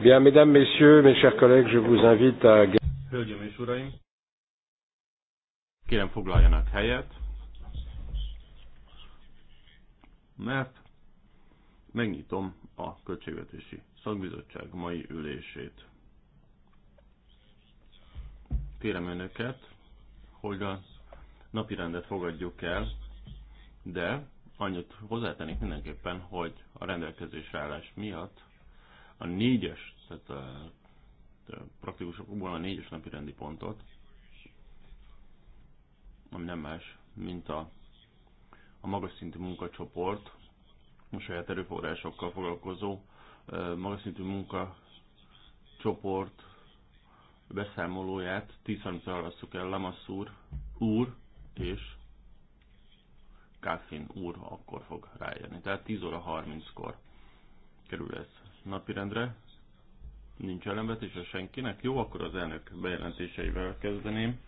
Bien, mesdames, messieurs, mes chers collègues, je vous invite à... Hölgyeim és uraim, kérem foglaljanak helyet, mert megnyitom a Költségvetési Szakbizottság mai ülését. Kérem önöket, hogy a napi rendet fogadjuk el, de annyit hozzátennék mindenképpen, hogy a rendelkezésre állás miatt a négyes, tehát a, a praktikusokból a négyes napi rendi pontot, ami nem más, mint a, a magas szintű munkacsoport, a saját erőforrásokkal foglalkozó magas szintű munkacsoport beszámolóját 10-30 hallgassuk el Lamassur úr és Káfin úr akkor fog rájönni. Tehát 10 óra 30-kor kerül ez napirendre? Nincs ellenvetése senkinek? Jó, akkor az elnök bejelentéseivel kezdeném.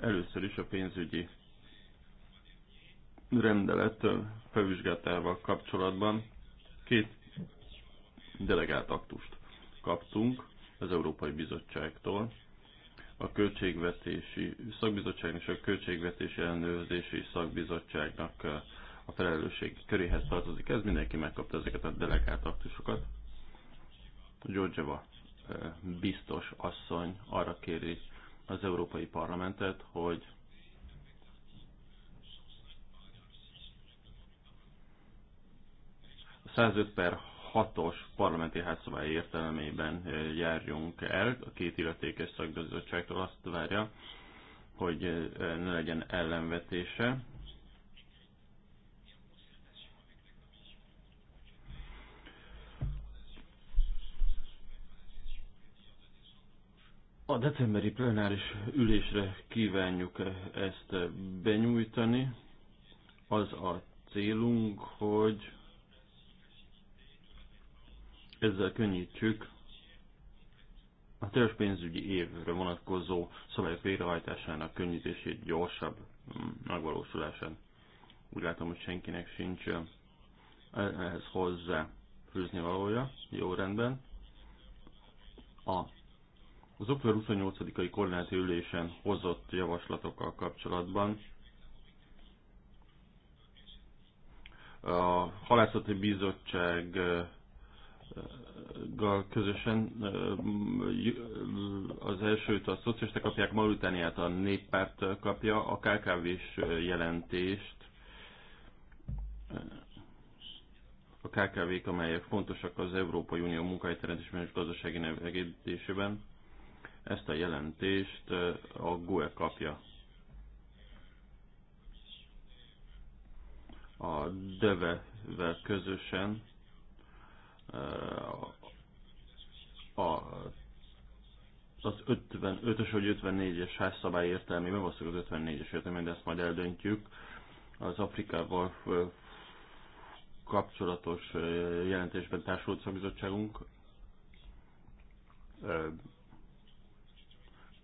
Először is a pénzügyi rendelet felvizsgálatával kapcsolatban két delegált aktust kaptunk az Európai Bizottságtól, a Költségvetési Szakbizottságnak és a Költségvetési Ellenőrzési Szakbizottságnak a felelősség köréhez tartozik ez, mindenki megkapta ezeket a delegált aktusokat. Georgieva biztos asszony arra kéri az Európai Parlamentet, hogy a 105 per 6-os parlamenti házszabály értelmében járjunk el. A két illetékes szakbizottságtól azt várja, hogy ne legyen ellenvetése A decemberi plenáris ülésre kívánjuk ezt benyújtani. Az a célunk, hogy ezzel könnyítsük a teljes pénzügyi évre vonatkozó szabályok végrehajtásának könnyítését gyorsabb megvalósulásán. Úgy látom, hogy senkinek sincs ehhez hozzá fűzni valója. Jó rendben. A az október 28-ai koordináti ülésen hozott javaslatokkal kapcsolatban a halászati bizottság közösen az elsőt a szocialista kapják, Mauritániát a néppárt kapja, a KKV-s jelentést, a KKV-k, amelyek fontosak az Európai Unió munkahelyteremtés és gazdasági növekedésében. Ezt a jelentést eh, a GUE kapja. A DEVE-vel közösen eh, a az 55-ös vagy 54-es házszabály értelmében, valószínűleg az 54-es értelmében, de ezt majd eldöntjük, az Afrikával kapcsolatos eh, jelentésben társult szakbizottságunk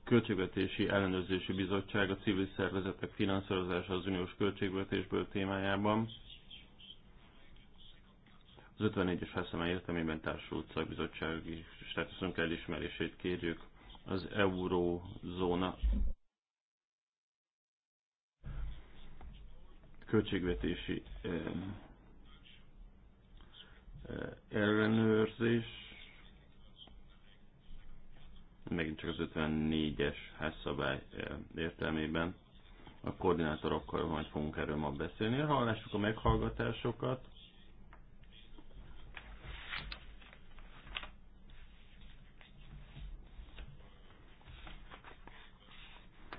Költségvetési Ellenőrzési Bizottság a civil szervezetek finanszírozása az uniós költségvetésből témájában az 54-es házszemály értelmében társult szakbizottsági státuszunk elismerését kérjük az eurózóna költségvetési eh, eh, ellenőrzés megint csak az 54-es házszabály eh, értelmében a koordinátorokkal majd fogunk erről ma beszélni. Hallassuk a meghallgatásokat.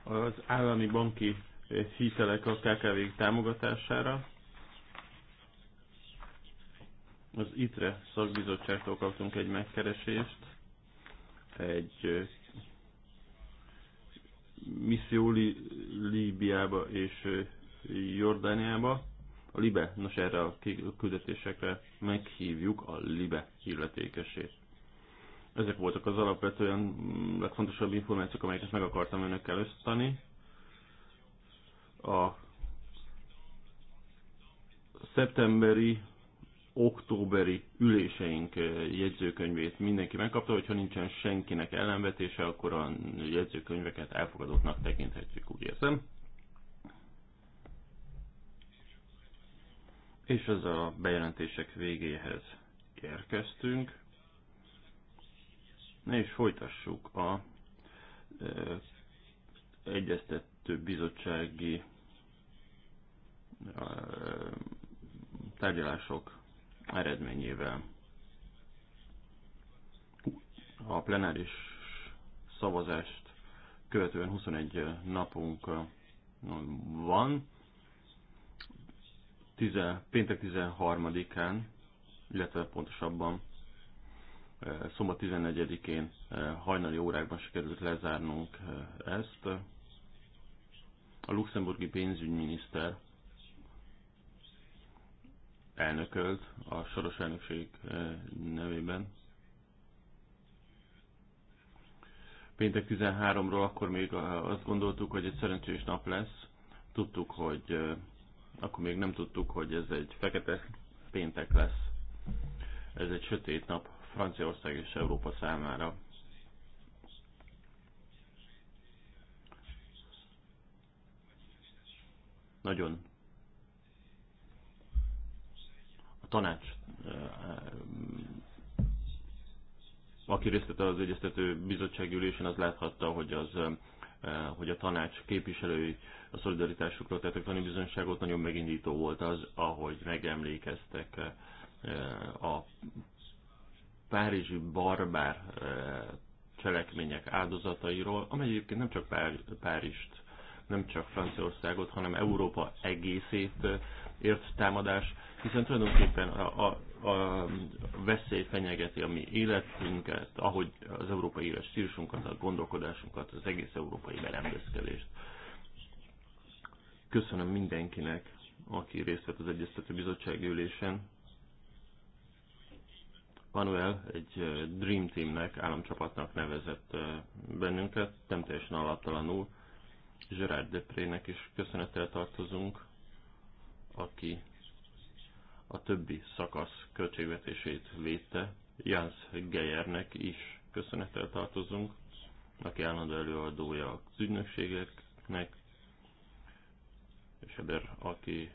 Az állami banki eh, hitelek a kkv támogatására. Az ITRE szakbizottságtól kaptunk egy megkeresést egy misszió Líbiába és Jordániába. A Libe, nos erre a küldetésekre meghívjuk a Libe illetékesét. Ezek voltak az alapvetően mm, legfontosabb információk, amelyeket meg akartam önökkel összetani. A szeptemberi októberi üléseink eh, jegyzőkönyvét mindenki megkapta, hogyha nincsen senkinek ellenvetése, akkor a jegyzőkönyveket elfogadottnak tekinthetjük, úgy érzem. És az a bejelentések végéhez érkeztünk, és folytassuk a e, egyeztető bizottsági e, tárgyalások eredményével. A plenáris szavazást követően 21 napunk van. Tize, péntek 13-án, illetve pontosabban eh, szombat 14-én eh, hajnali órákban sikerült lezárnunk eh, ezt. A luxemburgi pénzügyminiszter elnökölt a soros elnökség eh, nevében. Péntek 13-ról akkor még eh, azt gondoltuk, hogy egy szerencsés nap lesz. Tudtuk, hogy eh, akkor még nem tudtuk, hogy ez egy fekete péntek lesz. Ez egy sötét nap Franciaország és Európa számára. Nagyon a tanács, aki részt vett az egyeztető bizottság ülésen, az láthatta, hogy, az, hogy a tanács képviselői a szolidaritásukról tettek tanúbizonyságot, nagyon megindító volt az, ahogy megemlékeztek a párizsi barbár cselekmények áldozatairól, amely egyébként nem csak Párizst nem csak Franciaországot, hanem Európa egészét ért támadás, hiszen tulajdonképpen a, a, a veszély fenyegeti a mi életünket, ahogy az európai éles stílusunkat, a gondolkodásunkat, az egész európai berendezkedést. Köszönöm mindenkinek, aki részt vett az Egyeztető Bizottság ülésen. Manuel egy Dream Teamnek, államcsapatnak nevezett bennünket, nem teljesen alaptalanul, Gerard Deprének is köszönettel tartozunk, aki a többi szakasz költségvetését védte. Jans Geyernek is köszönettel tartozunk, aki állandó előadója az ügynökségeknek, és Eber, aki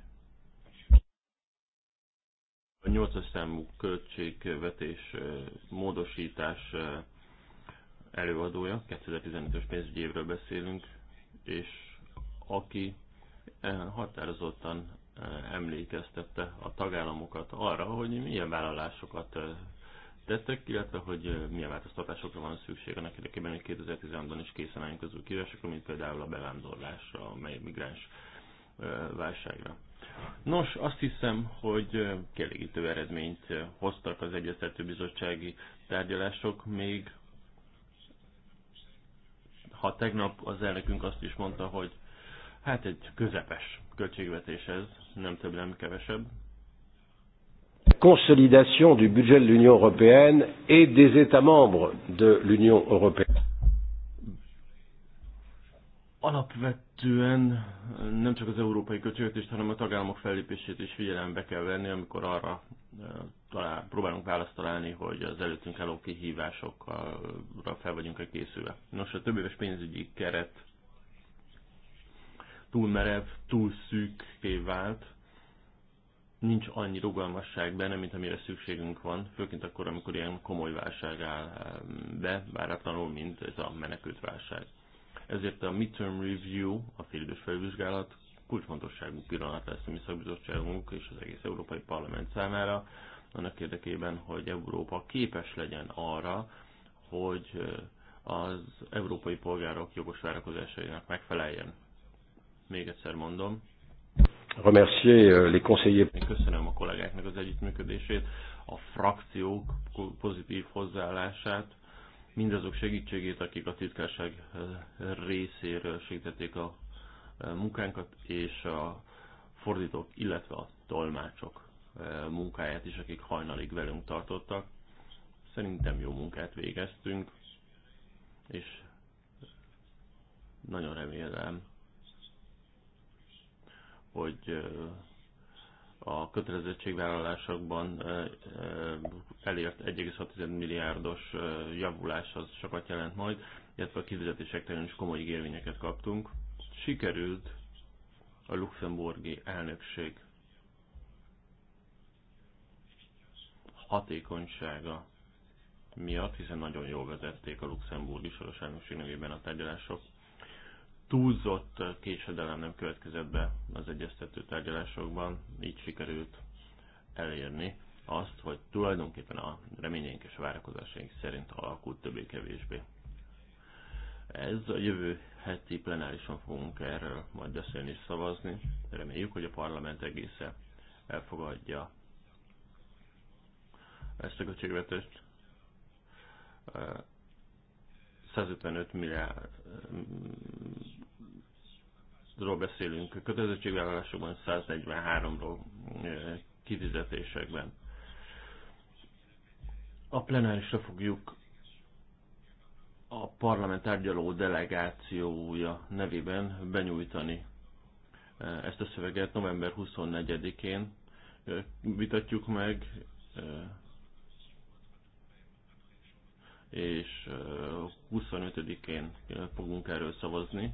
a nyolcas számú költségvetés eh, módosítás eh, előadója, 2015-ös pénzügyi évről beszélünk, és aki eh, határozottan eh, emlékeztette a tagállamokat arra, hogy milyen vállalásokat eh, tettek, illetve hogy milyen változtatásokra van szüksége annak érdekében, hogy 2016-ban is készen álljunk az új kívásokra, mint például a bevándorlásra, a migráns válságra. Nos, azt hiszem, hogy kielégítő eredményt hoztak az egyeztető bizottsági tárgyalások, még ha tegnap az elnökünk azt is mondta, hogy hát egy közepes költségvetés ez, nem több, nem kevesebb. Consolidation du budget de l'Union européenne et des États membres de l'Union européenne. Alapvetően nem csak az európai költségvetést, hanem a tagállamok fellépését is figyelembe kell venni, amikor arra eh, talál, próbálunk választ találni, hogy az előttünk álló kihívásokra fel vagyunk-e készülve. Nos, a éves pénzügyi keret túl merev, túl szűkké vált, nincs annyi rugalmasság benne, mint amire szükségünk van, főként akkor, amikor ilyen komoly válság áll be, váratlanul, mint ez a menekült válság. Ezért a midterm review, a félidős felvizsgálat kulcsfontosságú pillanat lesz a mi szakbizottságunk és az egész Európai Parlament számára annak érdekében, hogy Európa képes legyen arra, hogy az európai polgárok jogos várakozásainak megfeleljen. Még egyszer mondom. Euh, köszönöm a kollégáknak az együttműködését, a frakciók pozitív hozzáállását, mindazok segítségét, akik a titkárság részéről segítették a munkánkat, és a fordítók, illetve a tolmácsok munkáját is, akik hajnalig velünk tartottak. Szerintem jó munkát végeztünk, és nagyon remélem, hogy a kötelezettségvállalásokban elért 1,6 milliárdos javulás az sokat jelent majd, illetve a kifizetések terén is komoly ígérvényeket kaptunk. Sikerült a luxemburgi elnökség hatékonysága miatt, hiszen nagyon jól vezették a luxemburgi soros elnökség nevében a tárgyalások. Túlzott késedelem nem következett be az egyeztető tárgyalásokban, így sikerült elérni azt, hogy tulajdonképpen a reményénk és a várakozásaink szerint alakult többé-kevésbé. Ez a jövő heti plenárison fogunk erről majd beszélni és szavazni. Reméljük, hogy a parlament egészen elfogadja ezt a költségvetést 155 milliárdról beszélünk, kötelezettségvállalásokban 143-ról kifizetésekben. A plenárisra fogjuk a parlament tárgyaló delegációja nevében benyújtani ezt a szöveget november 24-én. Vitatjuk meg, és 25-én fogunk erről szavazni.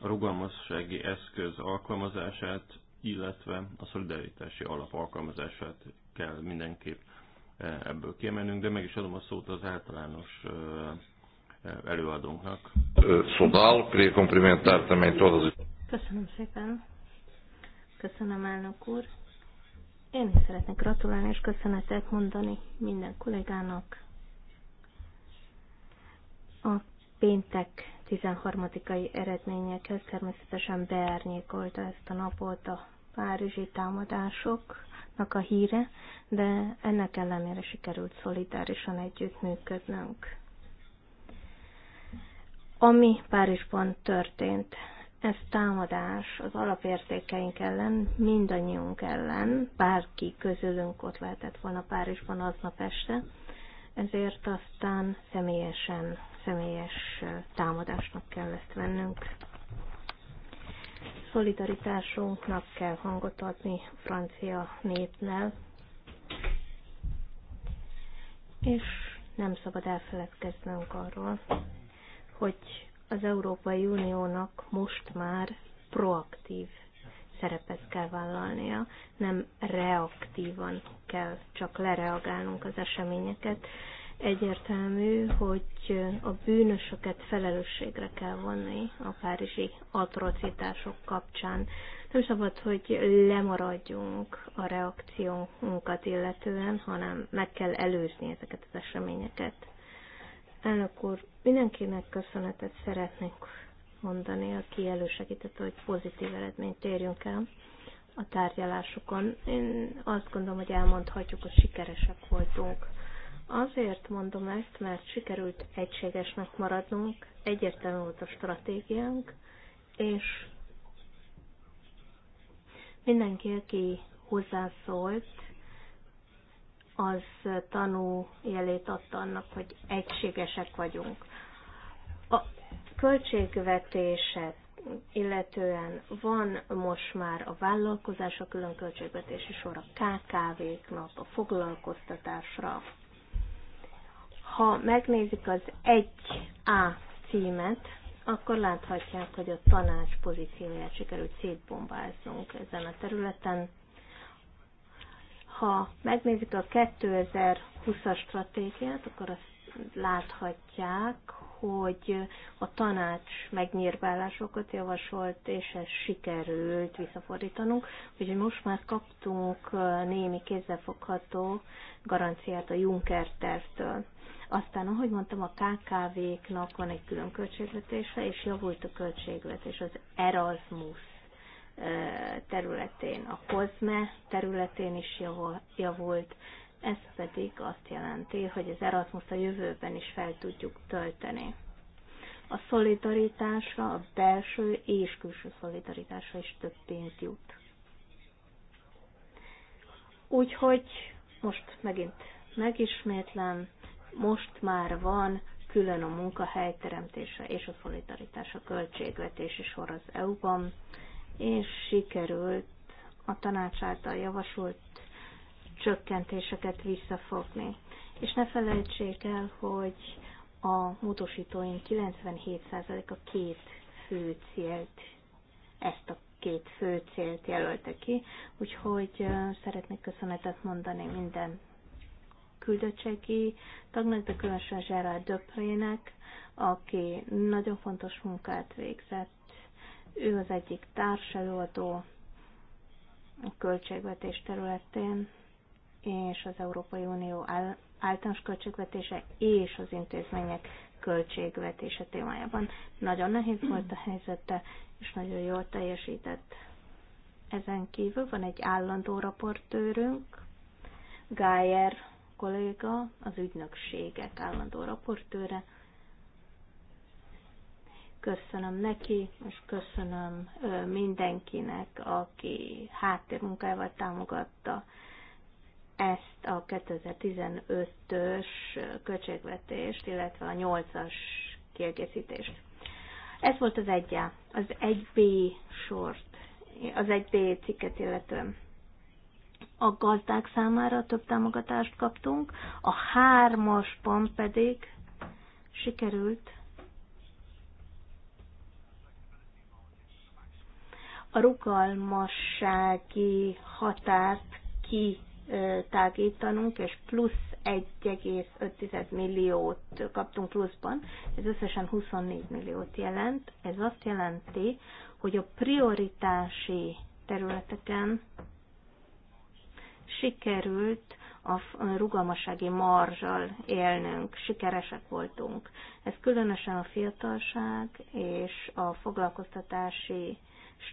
A rugalmassági eszköz alkalmazását, illetve a szolidaritási alap alkalmazását kell mindenképp ebből kiemelnünk, de meg is adom a szót az általános előadónknak. Szodál, queria cumprimentar também Köszönöm szépen. Köszönöm, elnök úr. Én is szeretnék gratulálni és köszönetet mondani minden kollégának. A péntek 13-ai eredményekhez természetesen beárnyékolta ezt a napot a párizsi támadásoknak a híre, de ennek ellenére sikerült szolidárisan együttműködnünk. Ami Párizsban történt, ez támadás az alapértékeink ellen, mindannyiunk ellen, bárki közülünk ott lehetett volna Párizsban aznap este, ezért aztán személyesen, személyes támadásnak kell ezt vennünk. Szolidaritásunknak kell hangot adni a francia népnel, és nem szabad elfeledkeznünk arról, hogy az Európai Uniónak most már proaktív szerepet kell vállalnia, nem reaktívan kell csak lereagálnunk az eseményeket. Egyértelmű, hogy a bűnösöket felelősségre kell vonni a párizsi atrocitások kapcsán. Nem szabad, hogy lemaradjunk a reakciónkat illetően, hanem meg kell előzni ezeket az eseményeket. Elnök úr, mindenkinek köszönetet szeretnék mondani, aki elősegített, hogy pozitív eredményt érjünk el a tárgyalásokon. Én azt gondolom, hogy elmondhatjuk, hogy sikeresek voltunk. Azért mondom ezt, mert sikerült egységesnek maradnunk, egyértelmű volt a stratégiánk, és mindenki, aki hozzászólt, az tanú jelét adta annak, hogy egységesek vagyunk. A költségvetése illetően van most már a a külön költségvetési sor, a KKV-knak, a foglalkoztatásra. Ha megnézik az 1A címet, akkor láthatják, hogy a tanács pozícióját sikerült szétbombáznunk ezen a területen. Ha megnézik a 2020-as stratégiát, akkor azt láthatják, hogy a tanács megnyírválásokat javasolt, és ez sikerült visszafordítanunk. Úgyhogy most már kaptunk némi kézzelfogható garanciát a Juncker tervtől. Aztán, ahogy mondtam, a KKV-knak van egy külön költségvetése, és javult a költségvetés az Erasmus területén, a kozme területén is javult, ez pedig azt jelenti, hogy az Erasmus a jövőben is fel tudjuk tölteni. A szolidaritásra, a belső és külső szolidaritásra is több pénz jut. Úgyhogy most megint megismétlem, most már van külön a munkahelyteremtése és a szolidaritás a költségvetési sor az EU-ban és sikerült a tanács által javasolt csökkentéseket visszafogni. És ne felejtsék el, hogy a módosítóink 97%-a két fő célt, ezt a két fő célt jelölte ki, úgyhogy szeretnék köszönetet mondani minden küldöttségi tagnak, de különösen Gerard Döprének, aki nagyon fontos munkát végzett ő az egyik társelőadó a költségvetés területén, és az Európai Unió általános költségvetése és az intézmények költségvetése témájában. Nagyon nehéz volt a helyzete, és nagyon jól teljesített. Ezen kívül van egy állandó raportőrünk, Gájer kolléga, az ügynökségek állandó raportőre, köszönöm neki, és köszönöm mindenkinek, aki háttérmunkával támogatta ezt a 2015-ös költségvetést, illetve a 8-as kiegészítést. Ez volt az 1 az 1B sort, az 1B cikket illetően. A gazdák számára több támogatást kaptunk, a hármas pont pedig sikerült a rugalmassági határt kitágítanunk, és plusz 1,5 milliót kaptunk pluszban, ez összesen 24 milliót jelent. Ez azt jelenti, hogy a prioritási területeken sikerült a rugalmassági marzsal élnünk, sikeresek voltunk. Ez különösen a fiatalság és a foglalkoztatási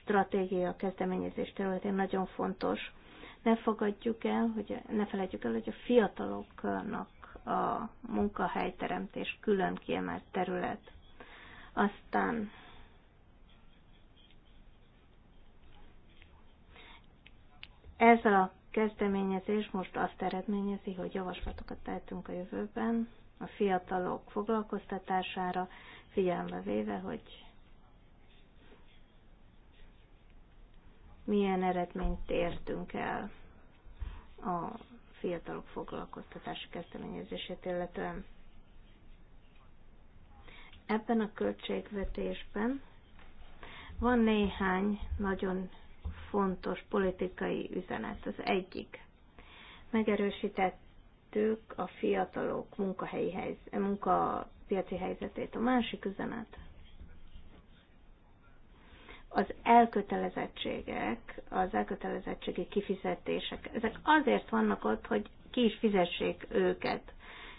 stratégia a kezdeményezés területén nagyon fontos. Ne fogadjuk el, hogy ne felejtjük el, hogy a fiataloknak a munkahelyteremtés külön kiemelt terület. Aztán ez a kezdeményezés most azt eredményezi, hogy javaslatokat tehetünk a jövőben a fiatalok foglalkoztatására, figyelembe véve, hogy milyen eredményt értünk el a fiatalok foglalkoztatási kezdeményezését illetően. Ebben a költségvetésben van néhány nagyon fontos politikai üzenet. Az egyik. Megerősítettük a fiatalok munkahelyi helyz, munkapiaci helyzetét. A másik üzenet az elkötelezettségek, az elkötelezettségi kifizetések, ezek azért vannak ott, hogy ki is fizessék őket.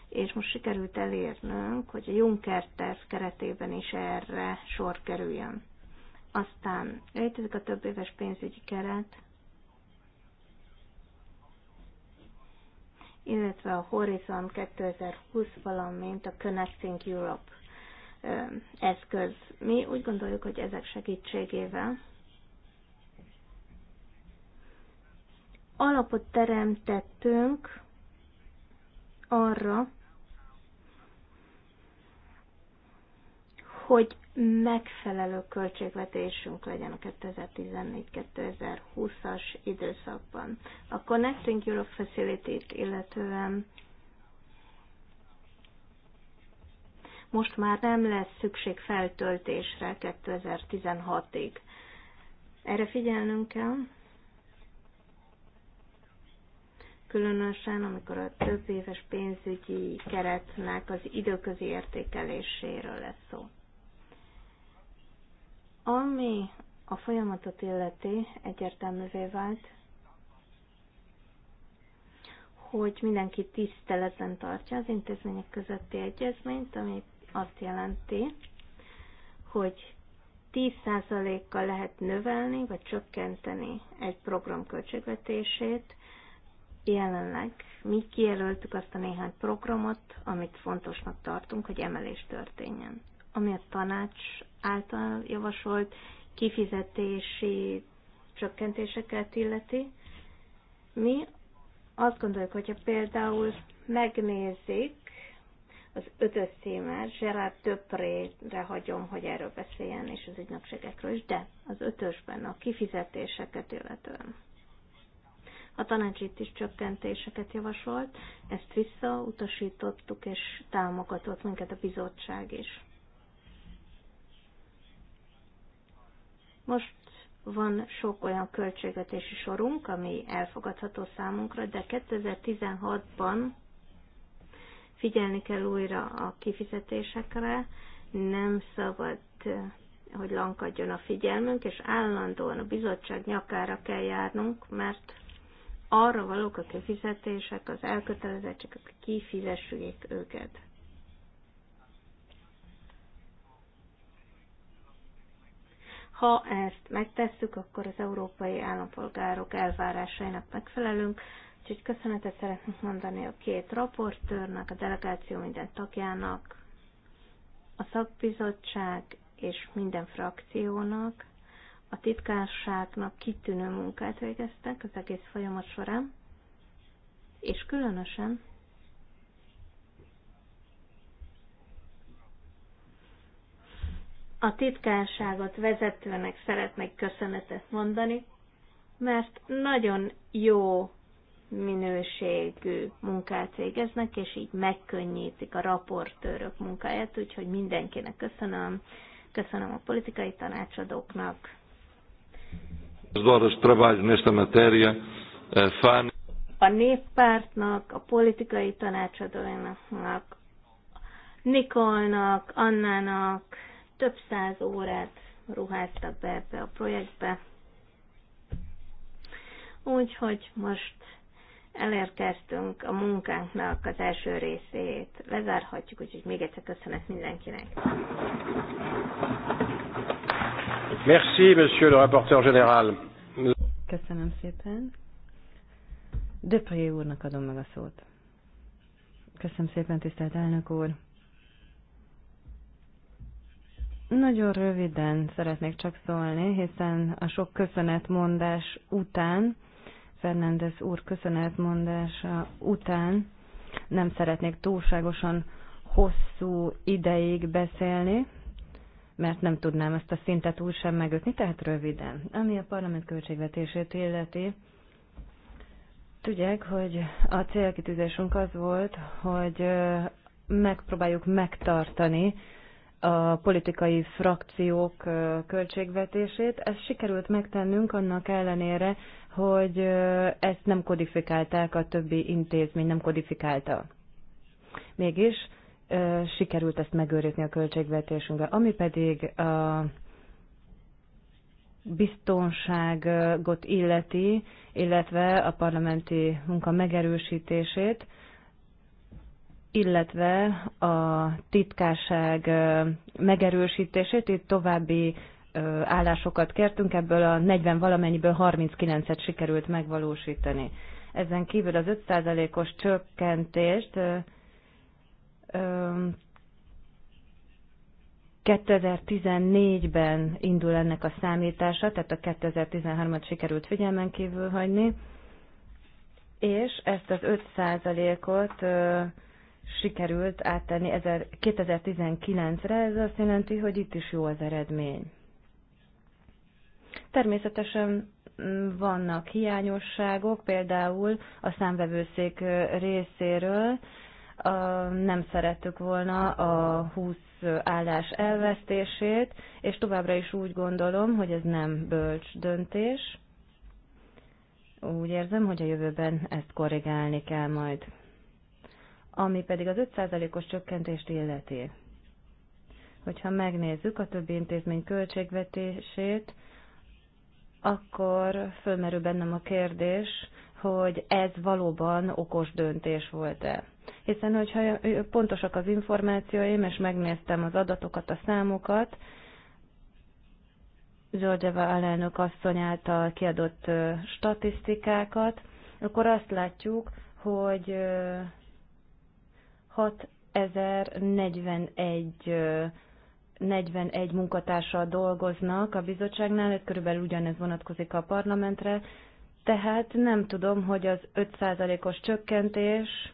És most sikerült elérnünk, hogy a Juncker terv keretében is erre sor kerüljön. Aztán létezik a több éves pénzügyi keret, illetve a Horizon 2020, valamint a Connecting Europe eszköz. Mi úgy gondoljuk, hogy ezek segítségével alapot teremtettünk arra, hogy megfelelő költségvetésünk legyen a 2014-2020-as időszakban. A Connecting Europe Facility-t illetően most már nem lesz szükség feltöltésre 2016-ig. Erre figyelnünk kell, különösen amikor a több éves pénzügyi keretnek az időközi értékeléséről lesz szó. Ami a folyamatot illeti, egyértelművé vált, hogy mindenki tiszteletben tartja az intézmények közötti egyezményt, ami azt jelenti, hogy 10%-kal lehet növelni vagy csökkenteni egy program költségvetését. Jelenleg mi kijelöltük azt a néhány programot, amit fontosnak tartunk, hogy emelés történjen. Ami a tanács által javasolt kifizetési csökkentéseket illeti, mi azt gondoljuk, hogyha például megnézik az ötös címet Gerard Töprére hagyom, hogy erről beszéljen, és az ügynökségekről is, de az ötösben a kifizetéseket illetően. A tanács itt is csökkentéseket javasolt, ezt visszautasítottuk, és támogatott minket a bizottság is. Most van sok olyan költségvetési sorunk, ami elfogadható számunkra, de 2016-ban Figyelni kell újra a kifizetésekre, nem szabad, hogy lankadjon a figyelmünk, és állandóan a bizottság nyakára kell járnunk, mert arra valók a kifizetések, az elkötelezettségek, hogy kifizessük őket. Ha ezt megtesszük, akkor az európai állampolgárok elvárásainak megfelelünk, Úgyhogy köszönetet szeretnék mondani a két raportőrnek, a delegáció minden tagjának, a szakbizottság és minden frakciónak, a titkárságnak kitűnő munkát végeztek az egész folyamat során, és különösen a titkárságot vezetőnek szeretnék köszönetet mondani, mert nagyon jó minőségű munkát végeznek, és így megkönnyítik a raportőrök munkáját, úgyhogy mindenkinek köszönöm, köszönöm a politikai tanácsadóknak. Eh, a néppártnak, a politikai tanácsadóinak, Nikolnak, Annának több száz órát ruháztak be ebbe a projektbe. Úgyhogy most elérkeztünk a munkánknak az első részét. Lezárhatjuk, úgyhogy még egyszer köszönet mindenkinek. Merci, monsieur le rapporteur général. Köszönöm szépen. Depré úrnak adom meg a szót. Köszönöm szépen, tisztelt elnök úr. Nagyon röviden szeretnék csak szólni, hiszen a sok köszönetmondás után Fernández úr köszönetmondása után nem szeretnék túlságosan hosszú ideig beszélni, mert nem tudnám ezt a szintet úgy sem megötni, tehát röviden. Ami a parlament költségvetését illeti, tudják, hogy a célkitűzésünk az volt, hogy megpróbáljuk megtartani a politikai frakciók költségvetését. Ezt sikerült megtennünk annak ellenére, hogy ezt nem kodifikálták, a többi intézmény nem kodifikálta. Mégis sikerült ezt megőrizni a költségvetésünkbe. Ami pedig a biztonságot illeti, illetve a parlamenti munka megerősítését, illetve a titkárság megerősítését, itt további állásokat kértünk, ebből a 40 valamennyiből 39-et sikerült megvalósítani. Ezen kívül az 5%-os csökkentést 2014-ben indul ennek a számítása, tehát a 2013-at sikerült figyelmen kívül hagyni, és ezt az 5%-ot sikerült áttenni 2019-re, ez azt jelenti, hogy itt is jó az eredmény. Természetesen mm, vannak hiányosságok, például a számvevőszék részéről nem szerettük volna a 20 állás elvesztését, és továbbra is úgy gondolom, hogy ez nem bölcs döntés. Úgy érzem, hogy a jövőben ezt korrigálni kell majd. Ami pedig az 5%-os csökkentést illeti. Hogyha megnézzük a többi intézmény költségvetését, akkor fölmerül bennem a kérdés, hogy ez valóban okos döntés volt-e. Hiszen, hogyha pontosak az információim, és megnéztem az adatokat, a számokat, Georgieva alelnök asszony által kiadott statisztikákat, akkor azt látjuk, hogy 6041 41 munkatársal dolgoznak a bizottságnál, ez körülbelül ugyanez vonatkozik a parlamentre, tehát nem tudom, hogy az 5%-os csökkentés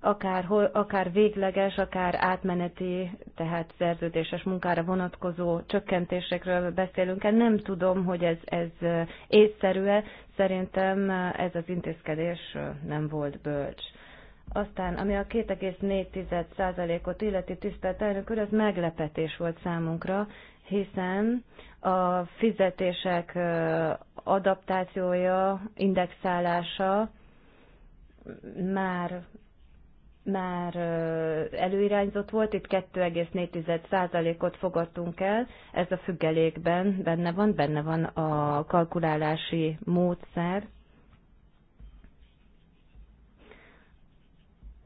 akár, akár végleges, akár átmeneti, tehát szerződéses munkára vonatkozó csökkentésekről beszélünk -e. Nem tudom, hogy ez, ez észszerű-e. Szerintem ez az intézkedés nem volt bölcs. Aztán, ami a 2,4%-ot illeti tisztelt elnök úr, az meglepetés volt számunkra, hiszen a fizetések adaptációja, indexálása már már előirányzott volt, itt 2,4%-ot fogadtunk el, ez a függelékben benne van, benne van a kalkulálási módszer,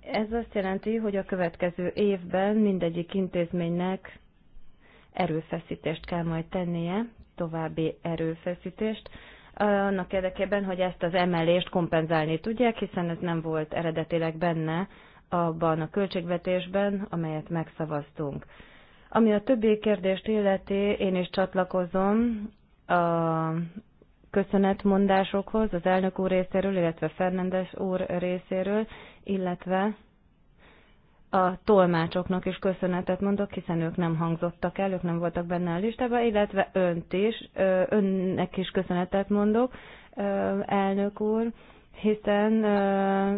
Ez azt jelenti, hogy a következő évben mindegyik intézménynek erőfeszítést kell majd tennie, további erőfeszítést, annak érdekében, hogy ezt az emelést kompenzálni tudják, hiszen ez nem volt eredetileg benne abban a költségvetésben, amelyet megszavaztunk. Ami a többi kérdést illeti, én is csatlakozom a köszönetmondásokhoz az elnök úr részéről, illetve Fernandes úr részéről, illetve a tolmácsoknak is köszönetet mondok, hiszen ők nem hangzottak el, ők nem voltak benne a listában, illetve önt is, önnek is köszönetet mondok, elnök úr, hiszen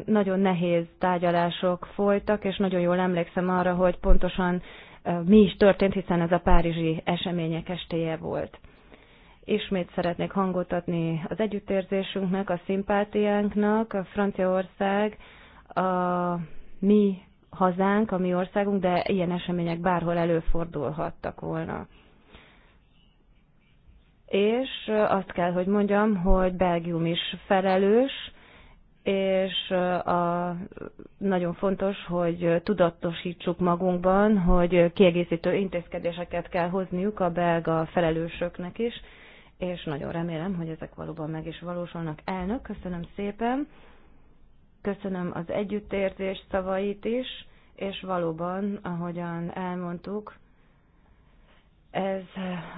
nagyon nehéz tárgyalások folytak, és nagyon jól emlékszem arra, hogy pontosan mi is történt, hiszen ez a párizsi események estéje volt. Ismét szeretnék hangot adni az együttérzésünknek, a szimpátiánknak. A Franciaország a mi hazánk, a mi országunk, de ilyen események bárhol előfordulhattak volna. És azt kell, hogy mondjam, hogy Belgium is felelős, és a, nagyon fontos, hogy tudatosítsuk magunkban, hogy kiegészítő intézkedéseket kell hozniuk a belga felelősöknek is, és nagyon remélem, hogy ezek valóban meg is valósulnak. Elnök, köszönöm szépen, köszönöm az együttérzés szavait is, és valóban, ahogyan elmondtuk, ez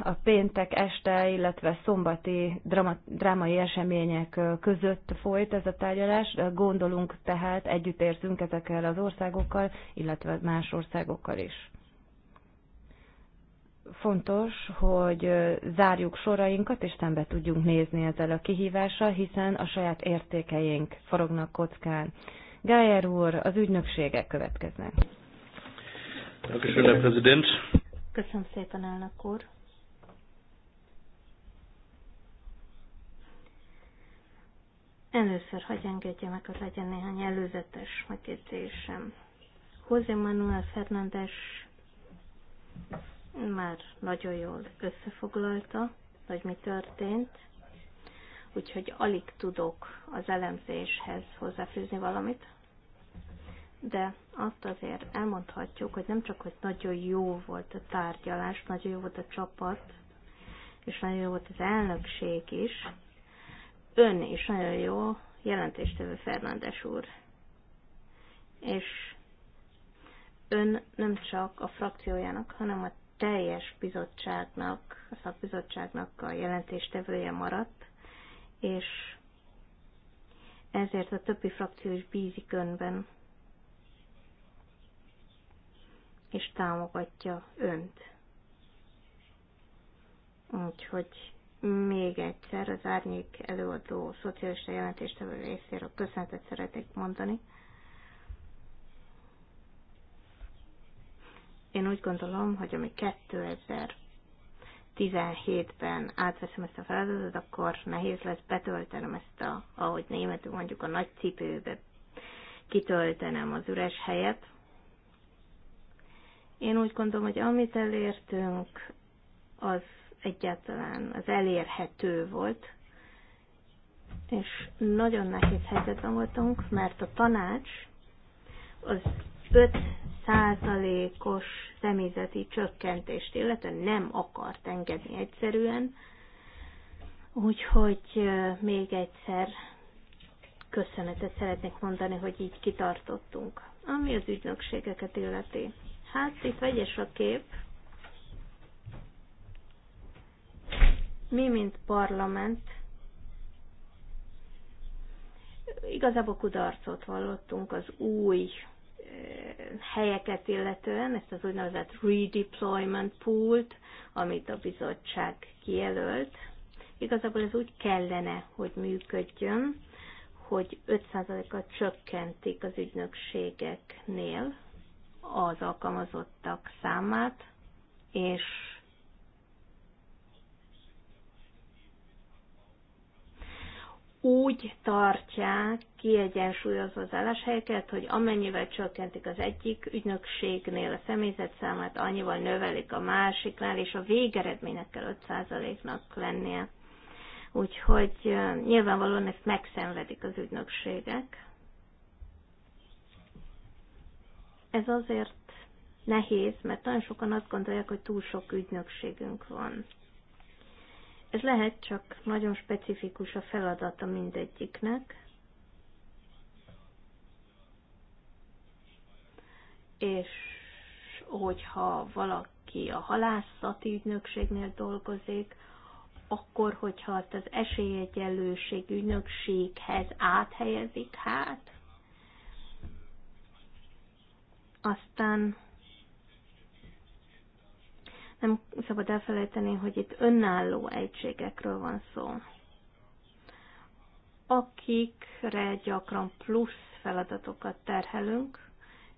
a péntek este, illetve szombati drama, drámai események között folyt ez a tárgyalás. Gondolunk tehát, együttérzünk ezekkel az országokkal, illetve más országokkal is fontos, hogy zárjuk sorainkat, és szembe tudjunk nézni ezzel a kihívással, hiszen a saját értékeink forognak kockán. Gájer úr, az ügynökségek következnek. Köszönöm, Köszönöm szépen, elnök úr. Először hogy engedje meg, hogy legyen néhány előzetes megjegyzésem. José Manuel Fernández már nagyon jól összefoglalta, hogy mi történt, úgyhogy alig tudok az elemzéshez hozzáfűzni valamit, de azt azért elmondhatjuk, hogy nem csak, hogy nagyon jó volt a tárgyalás, nagyon jó volt a csapat, és nagyon jó volt az elnökség is, ön is nagyon jó jelentéstevő Fernándes úr. És ön nem csak a frakciójának, hanem a teljes bizottságnak, a szakbizottságnak a jelentéstevője maradt, és ezért a többi frakció is bízik önben, és támogatja önt. Úgyhogy még egyszer az árnyék előadó szocialista jelentéstevő részéről köszönetet szeretnék mondani. Én úgy gondolom, hogy ami 2017-ben átveszem ezt a feladatot, akkor nehéz lesz betöltenem ezt a, ahogy németül mondjuk a nagy cipőbe kitöltenem az üres helyet. Én úgy gondolom, hogy amit elértünk, az egyáltalán az elérhető volt, és nagyon nehéz helyzetben voltunk, mert a tanács az 5%-os személyzeti csökkentést, illetve nem akart engedni egyszerűen. Úgyhogy még egyszer köszönetet szeretnék mondani, hogy így kitartottunk. Ami az ügynökségeket illeti. Hát itt vegyes a kép. Mi, mint parlament, igazából kudarcot vallottunk az új helyeket illetően, ezt az úgynevezett redeployment poolt, amit a bizottság kijelölt. Igazából ez úgy kellene, hogy működjön, hogy 5 a csökkentik az ügynökségeknél az alkalmazottak számát, és úgy tartják kiegyensúlyozva az álláshelyeket, hogy amennyivel csökkentik az egyik ügynökségnél a személyzet számát, annyival növelik a másiknál, és a végeredménynek kell 5%-nak lennie. Úgyhogy nyilvánvalóan ezt megszenvedik az ügynökségek. Ez azért nehéz, mert nagyon sokan azt gondolják, hogy túl sok ügynökségünk van. Ez lehet csak nagyon specifikus a feladata mindegyiknek. És hogyha valaki a halászati ügynökségnél dolgozik, akkor, hogyha azt az esélyegyelőség ügynökséghez áthelyezik, hát aztán nem szabad elfelejteni, hogy itt önálló egységekről van szó, akikre gyakran plusz feladatokat terhelünk,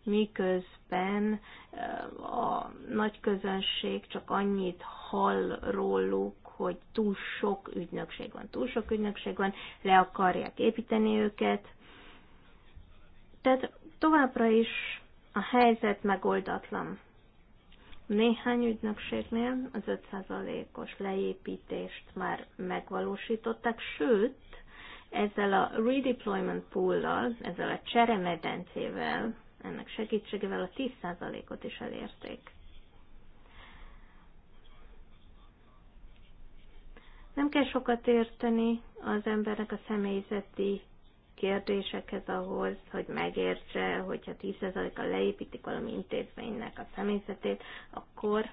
miközben eh, a nagy közönség csak annyit hall róluk, hogy túl sok ügynökség van, túl sok ügynökség van, le akarják építeni őket. Tehát továbbra is a helyzet megoldatlan. Néhány ügynökségnél az 5%-os leépítést már megvalósították, sőt, ezzel a redeployment pool-lal, ezzel a cseremedencével, ennek segítségével a 10%-ot is elérték. Nem kell sokat érteni az embernek a személyzeti kérdésekhez ahhoz, hogy megértse, hogyha 10 a leépítik valami intézménynek a személyzetét, akkor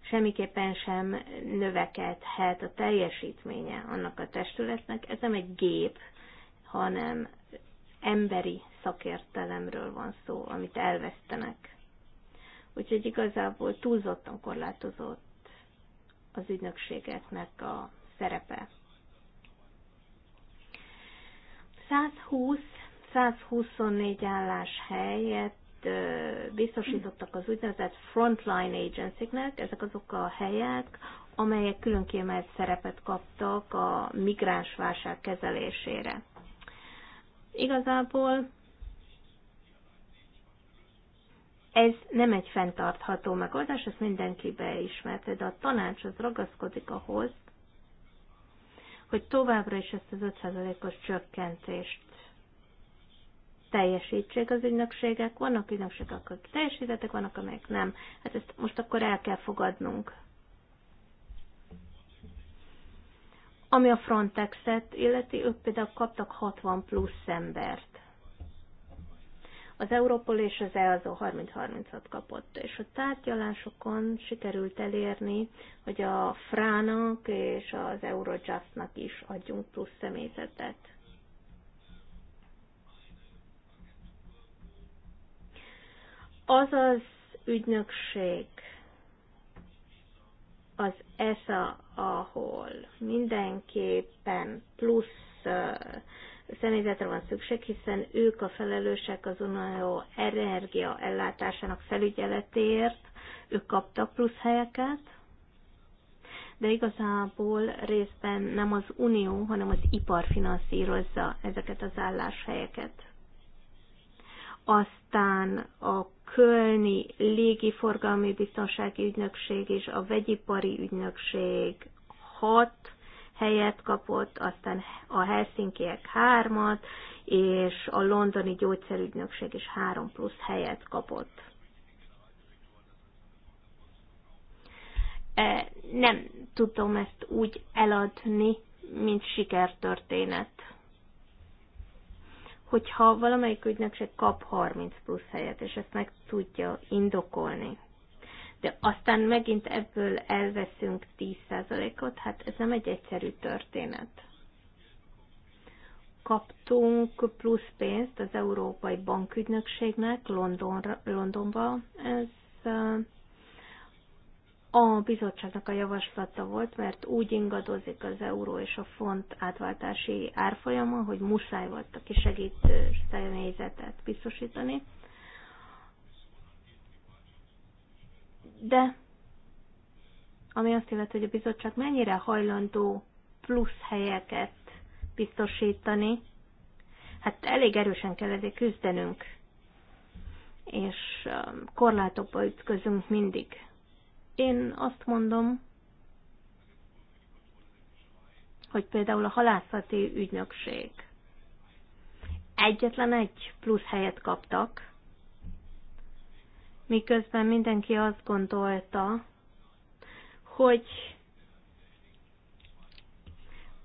semmiképpen sem növekedhet a teljesítménye annak a testületnek. Ez nem egy gép, hanem emberi szakértelemről van szó, amit elvesztenek. Úgyhogy igazából túlzottan korlátozott az ügynökségeknek a szerepe. 120-124 állás helyett biztosítottak az úgynevezett frontline agencyknek, ezek azok a helyek, amelyek külön kiemelt szerepet kaptak a migráns válság kezelésére. Igazából ez nem egy fenntartható megoldás, ezt mindenki beismerte, de a tanács az ragaszkodik ahhoz, hogy továbbra is ezt az 5%-os csökkentést teljesítsék az ügynökségek. Vannak ügynökségek, akik teljesítettek, vannak, amelyek nem. Hát ezt most akkor el kell fogadnunk. Ami a Frontexet illeti, ők például kaptak 60 plusz embert. Az Europol és az EASO 30-30-at kapott, és a tárgyalásokon sikerült elérni, hogy a Frának és az Eurojustnak is adjunk plusz személyzetet. Az az ügynökség, az ESA, ahol mindenképpen plusz személyzetre van szükség, hiszen ők a felelősek az unió energia ellátásának felügyeletéért, ők kaptak plusz helyeket, de igazából részben nem az unió, hanem az ipar finanszírozza ezeket az álláshelyeket. Aztán a Kölni Légiforgalmi Biztonsági Ügynökség és a Vegyipari Ügynökség hat helyet kapott, aztán a Helsinkiek hármat, és a londoni gyógyszerügynökség is három plusz helyet kapott. E, nem tudom ezt úgy eladni, mint sikertörténet hogyha valamelyik ügynökség kap 30 plusz helyet, és ezt meg tudja indokolni, de aztán megint ebből elveszünk 10%-ot, hát ez nem egy egyszerű történet. Kaptunk plusz pénzt az Európai Bankügynökségnek London, Londonba. Ez a bizottságnak a javaslata volt, mert úgy ingadozik az euró és a font átváltási árfolyama, hogy muszáj volt a kisegítő személyzetet biztosítani de ami azt illeti, hogy a bizottság mennyire hajlandó plusz helyeket biztosítani, hát elég erősen kell ezért küzdenünk, és um, korlátokba ütközünk mindig. Én azt mondom, hogy például a halászati ügynökség egyetlen egy plusz helyet kaptak, miközben mindenki azt gondolta, hogy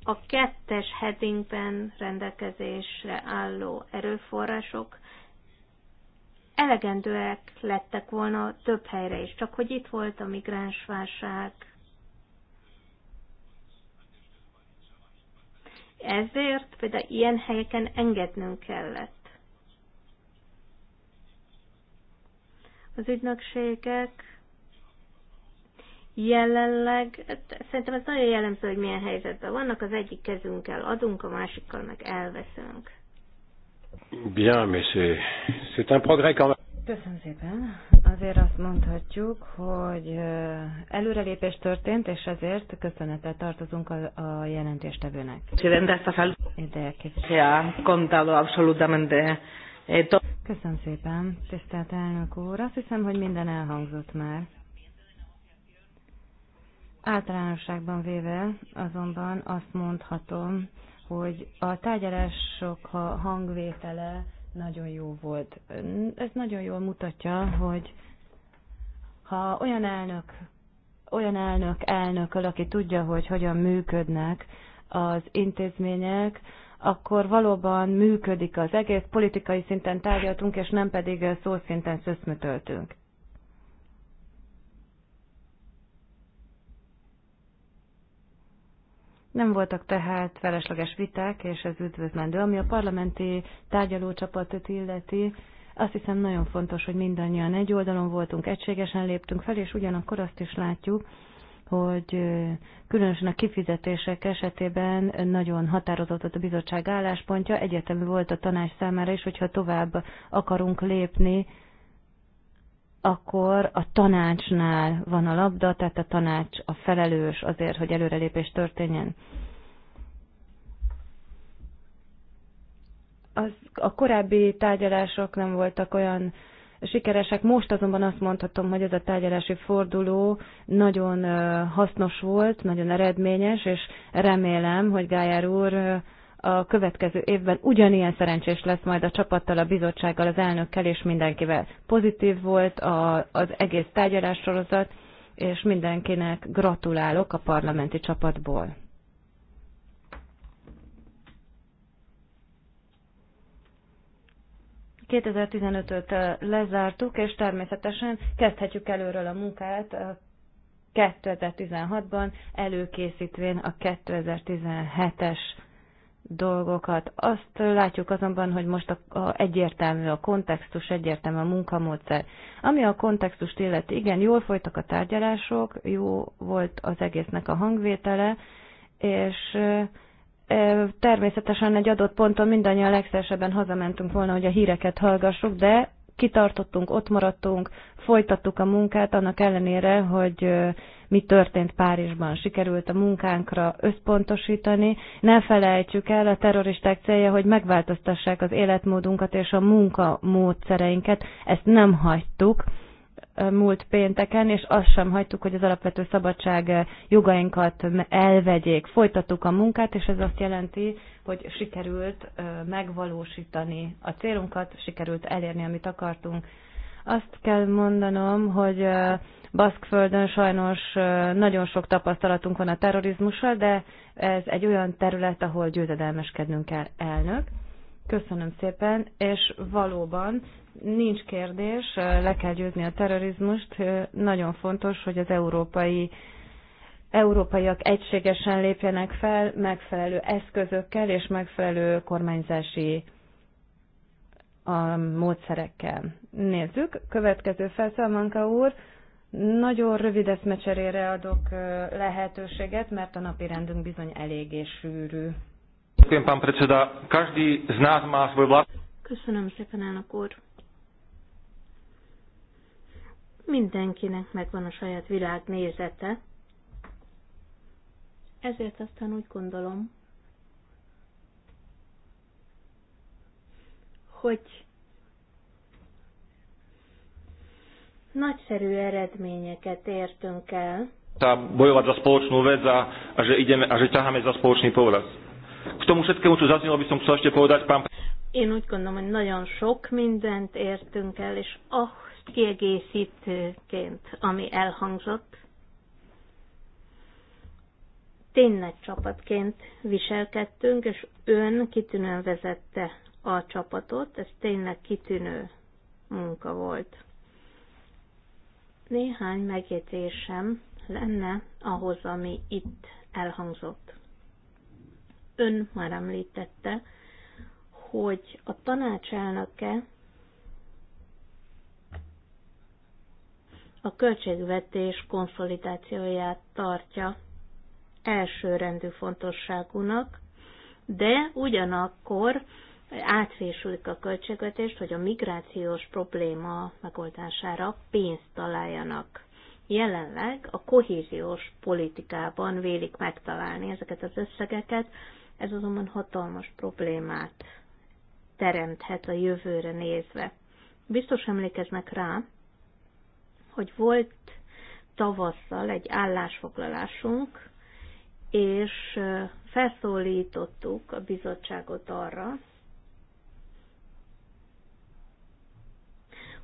a kettes headingben rendelkezésre álló erőforrások elegendőek lettek volna több helyre is, csak hogy itt volt a migránsválság. Ezért például ilyen helyeken engednünk kellett. az ügynökségek jelenleg, hát szerintem ez nagyon jellemző, hogy milyen helyzetben vannak, az egyik kezünkkel adunk, a másikkal meg elveszünk. Bien, mais c'est un progrès quand même. Köszönöm szépen. Azért azt mondhatjuk, hogy előrelépés történt, és ezért köszönettel tartozunk a, a jelentéstevőnek. Presidente, esta sal se ha contado absolutamente Köszönöm szépen, tisztelt elnök úr. Azt hiszem, hogy minden elhangzott már. Általánosságban véve azonban azt mondhatom, hogy a tárgyalások hangvétele nagyon jó volt. Ez nagyon jól mutatja, hogy ha olyan elnök, olyan elnök elnököl, aki tudja, hogy hogyan működnek az intézmények, akkor valóban működik az egész, politikai szinten tárgyaltunk, és nem pedig szó szinten szöszmötöltünk. Nem voltak tehát felesleges viták, és ez üdvözlendő. Ami a parlamenti tárgyalócsapatot illeti, azt hiszem nagyon fontos, hogy mindannyian egy oldalon voltunk, egységesen léptünk fel, és ugyanakkor azt is látjuk, hogy különösen a kifizetések esetében nagyon határozott a bizottság álláspontja, egyetemű volt a tanács számára is, hogyha tovább akarunk lépni, akkor a tanácsnál van a labda, tehát a tanács a felelős azért, hogy előrelépés történjen. Az, a korábbi tárgyalások nem voltak olyan sikeresek. Most azonban azt mondhatom, hogy ez a tárgyalási forduló nagyon hasznos volt, nagyon eredményes, és remélem, hogy Gájár úr a következő évben ugyanilyen szerencsés lesz majd a csapattal, a bizottsággal, az elnökkel és mindenkivel. Pozitív volt az egész tárgyalássorozat, és mindenkinek gratulálok a parlamenti csapatból. 2015-öt lezártuk, és természetesen kezdhetjük előről a munkát 2016-ban, előkészítvén a 2017-es dolgokat. Azt látjuk azonban, hogy most a, a egyértelmű a kontextus, egyértelmű a munkamódszer. Ami a kontextust illeti, igen, jól folytak a tárgyalások, jó volt az egésznek a hangvétele, és természetesen egy adott ponton mindannyian legszívesebben hazamentünk volna, hogy a híreket hallgassuk, de kitartottunk, ott maradtunk, folytattuk a munkát, annak ellenére, hogy mi történt Párizsban. Sikerült a munkánkra összpontosítani. Ne felejtjük el, a terroristák célja, hogy megváltoztassák az életmódunkat és a munkamódszereinket. Ezt nem hagytuk múlt pénteken, és azt sem hagytuk, hogy az alapvető szabadság eh, jogainkat elvegyék. Folytattuk a munkát, és ez azt jelenti, hogy sikerült eh, megvalósítani a célunkat, sikerült elérni, amit akartunk. Azt kell mondanom, hogy eh, Baszkföldön sajnos nagyon sok tapasztalatunk van a terrorizmussal, de ez egy olyan terület, ahol győzedelmeskednünk kell elnök. Köszönöm szépen, és valóban nincs kérdés, le kell győzni a terrorizmust. Nagyon fontos, hogy az európai európaiak egységesen lépjenek fel megfelelő eszközökkel és megfelelő kormányzási a módszerekkel. Nézzük, következő felszámanka úr, nagyon rövid eszmecserére adok lehetőséget, mert a napi rendünk bizony eléggé sűrű. Köszönöm szépen, elnök úr. Mindenkinek megvan a saját világnézete, ezért aztán úgy gondolom, hogy nagyszerű eredményeket értünk el. Ta bojovat za spoločnú vec a, a, že ideme, a že ťaháme za spoločný povraz. K tomu všetkému, čo zaznelo, by som chcel ešte povedať pán... Én úgy gondolom, hogy nagyon sok mindent értünk el, és ah, kiegészítőként, ami elhangzott, tényleg csapatként viselkedtünk, és ön kitűnően vezette a csapatot, ez tényleg kitűnő munka volt. Néhány megjegyzésem lenne ahhoz, ami itt elhangzott. Ön már említette, hogy a tanácselnöke a költségvetés konszolidációját tartja elsőrendű fontosságúnak, de ugyanakkor átfésülik a költségvetést, hogy a migrációs probléma megoldására pénzt találjanak. Jelenleg a kohéziós politikában vélik megtalálni ezeket az összegeket, ez azonban hatalmas problémát teremthet a jövőre nézve. Biztos emlékeznek rá, hogy volt tavasszal egy állásfoglalásunk, és felszólítottuk a bizottságot arra,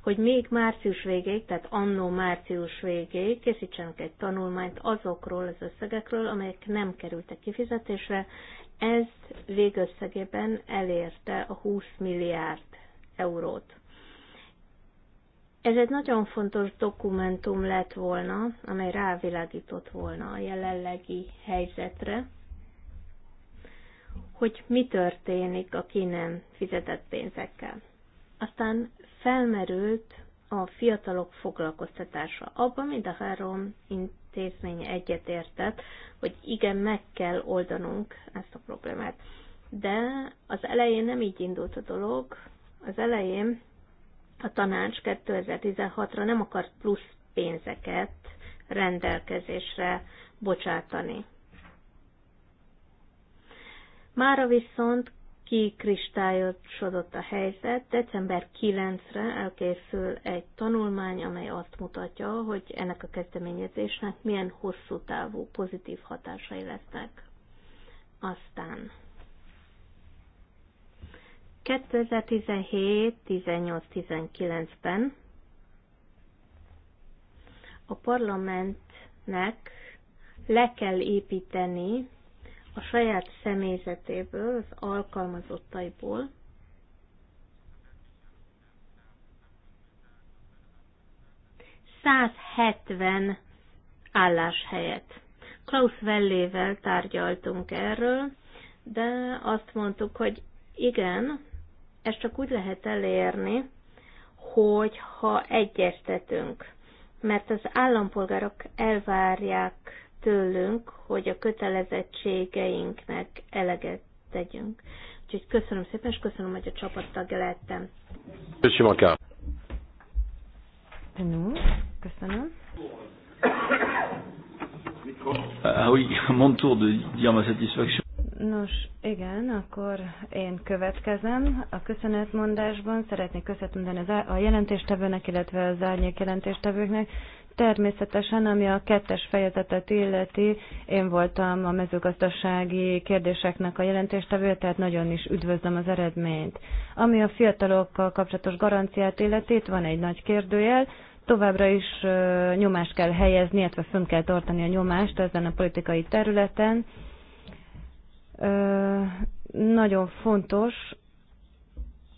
hogy még március végéig, tehát annó március végéig készítsenek egy tanulmányt azokról az összegekről, amelyek nem kerültek kifizetésre. Ez végösszegében elérte a 20 milliárd eurót. Ez egy nagyon fontos dokumentum lett volna, amely rávilágított volna a jelenlegi helyzetre, hogy mi történik a ki nem fizetett pénzekkel. Aztán felmerült a fiatalok foglalkoztatása. Abban mind a három intézmény egyetértett, hogy igen, meg kell oldanunk ezt a problémát. De az elején nem így indult a dolog. Az elején a tanács 2016-ra nem akart plusz pénzeket rendelkezésre bocsátani. Mára viszont kikristályosodott a helyzet. December 9-re elkészül egy tanulmány, amely azt mutatja, hogy ennek a kezdeményezésnek milyen hosszú távú pozitív hatásai lesznek. Aztán 2017-18-19-ben a parlamentnek le kell építeni a saját személyzetéből, az alkalmazottaiból ...170 álláshelyet. Klaus Vellével tárgyaltunk erről, de azt mondtuk, hogy igen, ezt csak úgy lehet elérni, hogyha egyeztetünk, mert az állampolgárok elvárják tőlünk, hogy a kötelezettségeinknek eleget tegyünk. Úgyhogy köszönöm szépen, és köszönöm, hogy a csapattagja lettem. Köszönöm. No, köszönöm. Ah oui, mon tour de dire ma satisfaction. Nos, igen, akkor én következem. A köszönetmondásban szeretnék köszönetmondani a jelentéstevőnek, illetve az árnyék jelentéstevőknek. Természetesen, ami a kettes fejezetet illeti, én voltam a mezőgazdasági kérdéseknek a jelentéstevő, tehát nagyon is üdvözlöm az eredményt. Ami a fiatalokkal kapcsolatos garanciát illeti, itt van egy nagy kérdőjel, továbbra is nyomást kell helyezni, illetve fönn kell tartani a nyomást ezen a politikai területen, nagyon fontos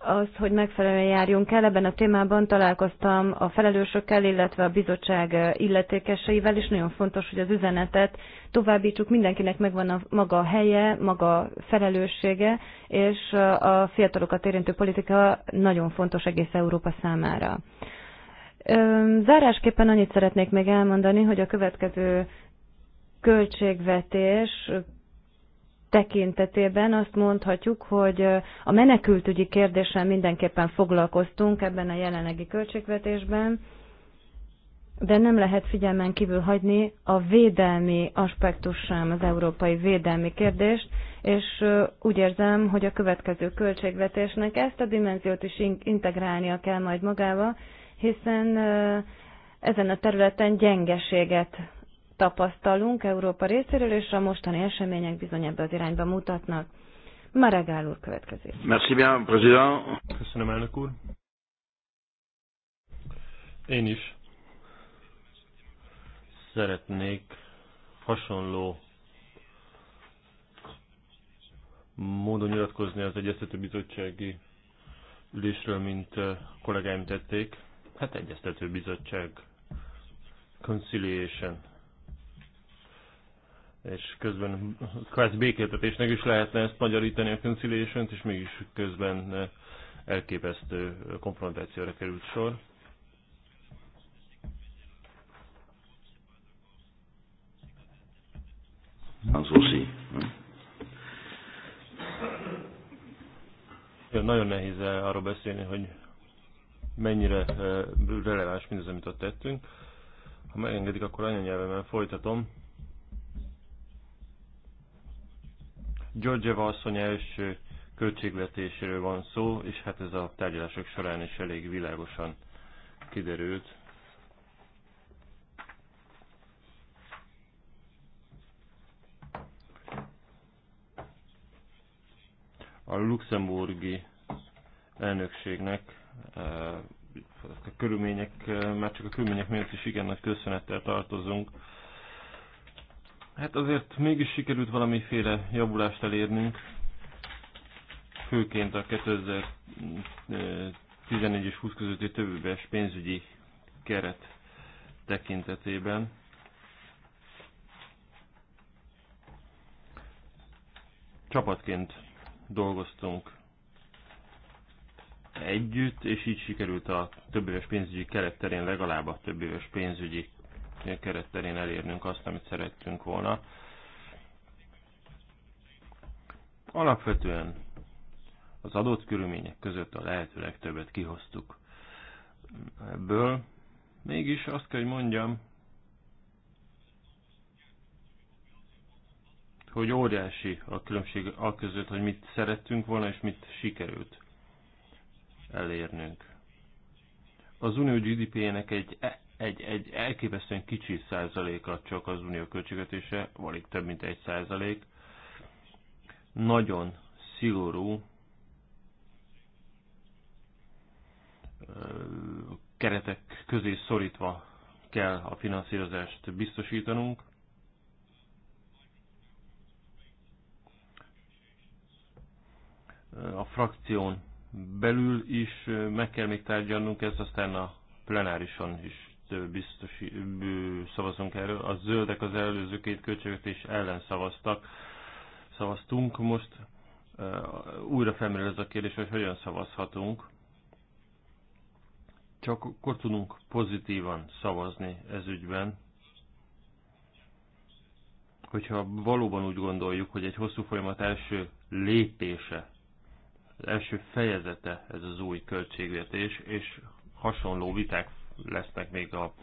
az, hogy megfelelően járjunk el. Ebben a témában találkoztam a felelősökkel, illetve a bizottság illetékeseivel, és nagyon fontos, hogy az üzenetet továbbítsuk. Mindenkinek megvan a maga a helye, maga felelőssége, és a fiatalokat érintő politika nagyon fontos egész Európa számára. Zárásképpen annyit szeretnék még elmondani, hogy a következő költségvetés tekintetében azt mondhatjuk, hogy a menekültügyi kérdéssel mindenképpen foglalkoztunk ebben a jelenlegi költségvetésben, de nem lehet figyelmen kívül hagyni a védelmi aspektus sem, az európai védelmi kérdést, és úgy érzem, hogy a következő költségvetésnek ezt a dimenziót is integrálnia kell majd magába, hiszen ezen a területen gyengeséget tapasztalunk Európa részéről, és a mostani események bizony ebbe az irányba mutatnak. Maregál úr következik. Merci bien, président. Köszönöm, elnök úr. Én is szeretnék hasonló módon nyilatkozni az Egyeztető Bizottsági ülésről, mint eh, kollégáim tették. Hát Egyeztető Bizottság Conciliation és közben kvázi békéltetésnek is lehetne ezt magyarítani a conciliation és mégis közben eh, elképesztő konfrontációra került sor. Az oszi. Hm? Nagyon nehéz eh, arról beszélni, hogy mennyire eh, releváns mindez, amit ott tettünk. Ha megengedik, akkor anyanyelvemen folytatom. Györgyeva asszony első költségvetéséről van szó, és hát ez a tárgyalások során is elég világosan kiderült. A luxemburgi elnökségnek eh, a körülmények, eh, már csak a körülmények miatt is igen nagy köszönettel tartozunk Hát azért mégis sikerült valamiféle javulást elérnünk, főként a 2014 és 20 közötti tövőbes pénzügyi keret tekintetében. Csapatként dolgoztunk együtt, és így sikerült a többéves pénzügyi keret terén legalább a többéves pénzügyi a keretterén elérnünk azt, amit szerettünk volna. Alapvetően az adott körülmények között a lehető legtöbbet kihoztuk ebből. Mégis azt kell, hogy mondjam, hogy óriási a különbség a között, hogy mit szerettünk volna, és mit sikerült elérnünk. Az unió gdp nek egy egy, egy elképesztően kicsi százaléka csak az unió költségvetése, valig több mint egy százalék. Nagyon szigorú keretek közé szorítva kell a finanszírozást biztosítanunk. A frakción belül is meg kell még tárgyalnunk ezt, aztán a plenárison is biztos szavazunk erről. A zöldek az előző két költségvetés ellen szavaztak, szavaztunk, most újra felmerül ez a kérdés, hogy hogyan szavazhatunk. Csak akkor tudunk pozitívan szavazni ez ügyben, hogyha valóban úgy gondoljuk, hogy egy hosszú folyamat első lépése, az első fejezete ez az új költségvetés, és hasonló viták lesznek még a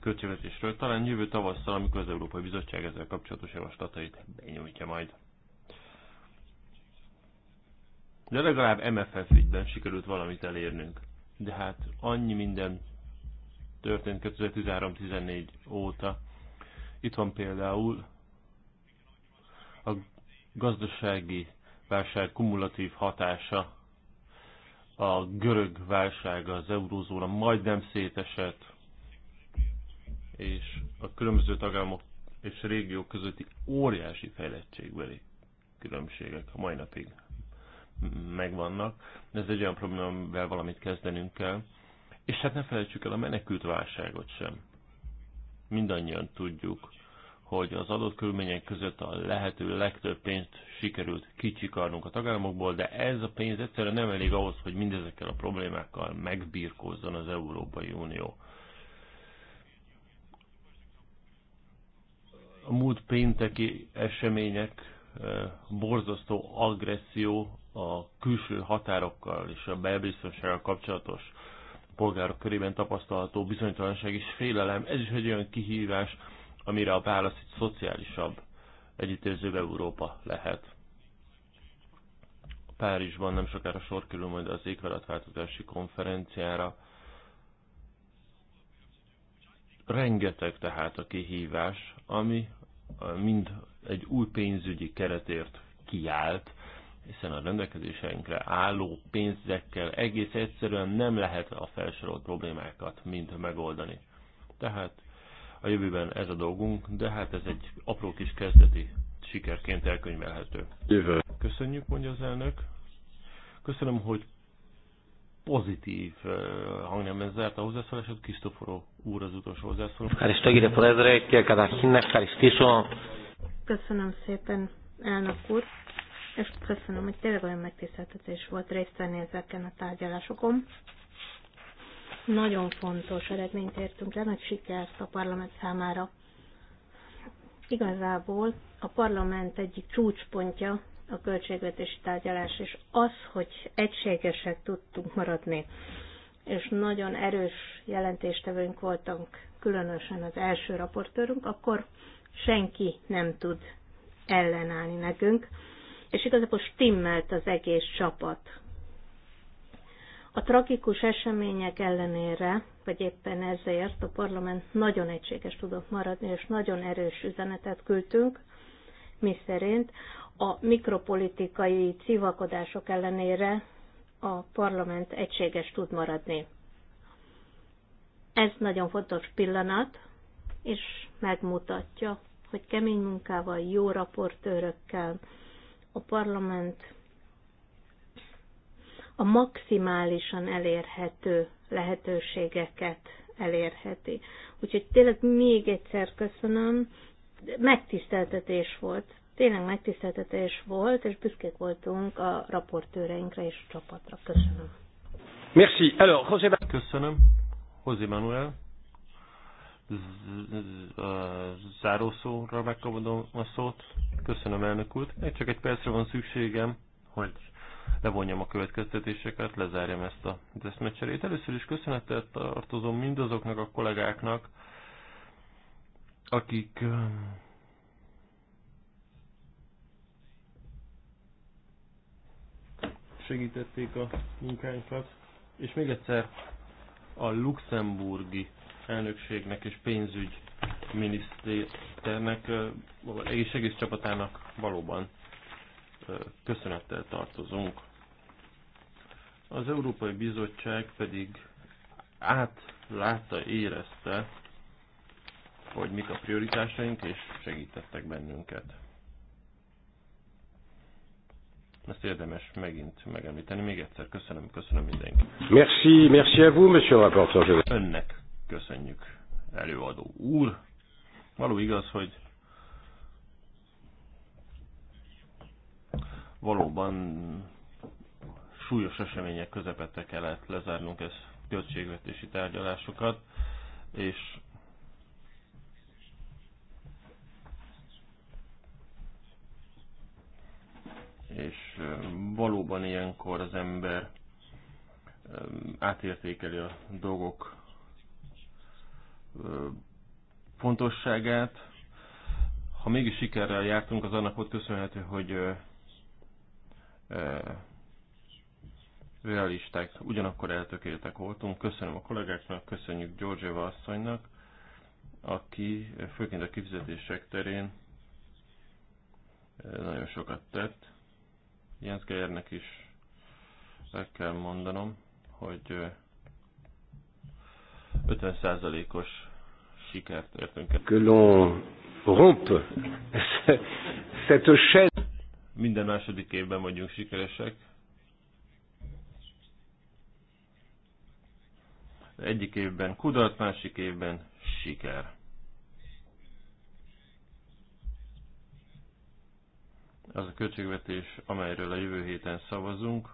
költségvetésről, talán jövő tavasszal, amikor az Európai Bizottság ezzel kapcsolatos javaslatait benyújtja majd. De legalább MFF ügyben sikerült valamit elérnünk. De hát annyi minden történt 2013-14 óta. Itt van például a gazdasági válság kumulatív hatása a görög válság, az eurózóra majdnem szétesett, és a különböző tagállamok és régiók közötti óriási fejlettségbeli különbségek a mai napig megvannak. Ez egy olyan probléma, amivel valamit kezdenünk kell. És hát ne felejtsük el a menekült válságot sem. Mindannyian tudjuk, hogy az adott körülmények között a lehető legtöbb pénzt sikerült kicsikarnunk a tagállamokból, de ez a pénz egyszerűen nem elég ahhoz, hogy mindezekkel a problémákkal megbírkozzon az Európai Unió. A múlt pénteki események eh, borzasztó agresszió a külső határokkal és a belbiztonsággal kapcsolatos polgárok körében tapasztalható bizonytalanság és félelem. Ez is egy olyan kihívás, amire a válasz egy szociálisabb, együttérzőbb Európa lehet. Párizsban nem sokára sor kerül majd az éghajlatváltozási konferenciára. Rengeteg tehát a kihívás, ami mind egy új pénzügyi keretért kiállt, hiszen a rendelkezéseinkre álló pénzekkel egész egyszerűen nem lehet a felsorolt problémákat mind megoldani. Tehát a jövőben ez a dolgunk, de hát ez egy apró kis kezdeti sikerként elkönyvelhető. Jövő. Köszönjük, mondja az elnök. Köszönöm, hogy pozitív eh, hangnemben zárt a hozzászólásod. Krisztoforó úr az utolsó hozzászóló. Köszönöm szépen, elnök úr, és köszönöm, hogy tényleg olyan megtiszteltetés volt részt venni ezeken a tárgyalásokon. Nagyon fontos eredményt értünk el, nagy sikert a parlament számára. Igazából a parlament egyik csúcspontja a költségvetési tárgyalás, és az, hogy egységesek tudtunk maradni, és nagyon erős jelentéstevőnk voltunk, különösen az első raportőrünk, akkor senki nem tud ellenállni nekünk, és igazából stimmelt az egész csapat. A tragikus események ellenére, vagy éppen ezért a parlament nagyon egységes tudott maradni, és nagyon erős üzenetet küldtünk, mi szerint a mikropolitikai civakodások ellenére a parlament egységes tud maradni. Ez nagyon fontos pillanat, és megmutatja, hogy kemény munkával, jó raportőrökkel, a parlament a maximálisan elérhető lehetőségeket elérheti. Úgyhogy tényleg még egyszer köszönöm, megtiszteltetés volt, tényleg megtiszteltetés volt, és büszkék voltunk a raportőreinkre és a csapatra. Köszönöm. Merci. Alors, José... Köszönöm. José Manuel. Zárószóra megkapodom a szót. Köszönöm, elnök úr. Csak egy percre van szükségem, hogy levonjam a következtetéseket, lezárjam ezt a deszmecserét. Először is köszönettel tartozom mindazoknak a kollégáknak, akik um, segítették a munkánkat. És még egyszer a luxemburgi elnökségnek és pénzügy miniszternek, és uh, egész csapatának valóban köszönettel tartozunk. Az Európai Bizottság pedig átlátta, érezte, hogy mik a prioritásaink, és segítettek bennünket. Ezt érdemes megint megemlíteni. Még egyszer köszönöm, köszönöm mindenki. Merci, merci à vous, monsieur rapporteur. Önnek köszönjük, előadó úr. Való igaz, hogy valóban súlyos események közepette kellett lezárnunk ezt költségvetési tárgyalásokat, és és valóban ilyenkor az ember átértékeli a dolgok fontosságát. Ha mégis sikerrel jártunk, az annak volt köszönhető, hogy realisták, ugyanakkor eltökéltek voltunk. Köszönöm a kollégáknak, köszönjük George asszonynak, aki főként a kifizetések terén nagyon sokat tett. Jens Gejernek is el kell mondanom, hogy 50%-os sikert értünk el. Que l'on rompe cette chaîne. Minden második évben vagyunk sikeresek. Egyik évben kudarc, másik évben siker. Az a költségvetés, amelyről a jövő héten szavazunk,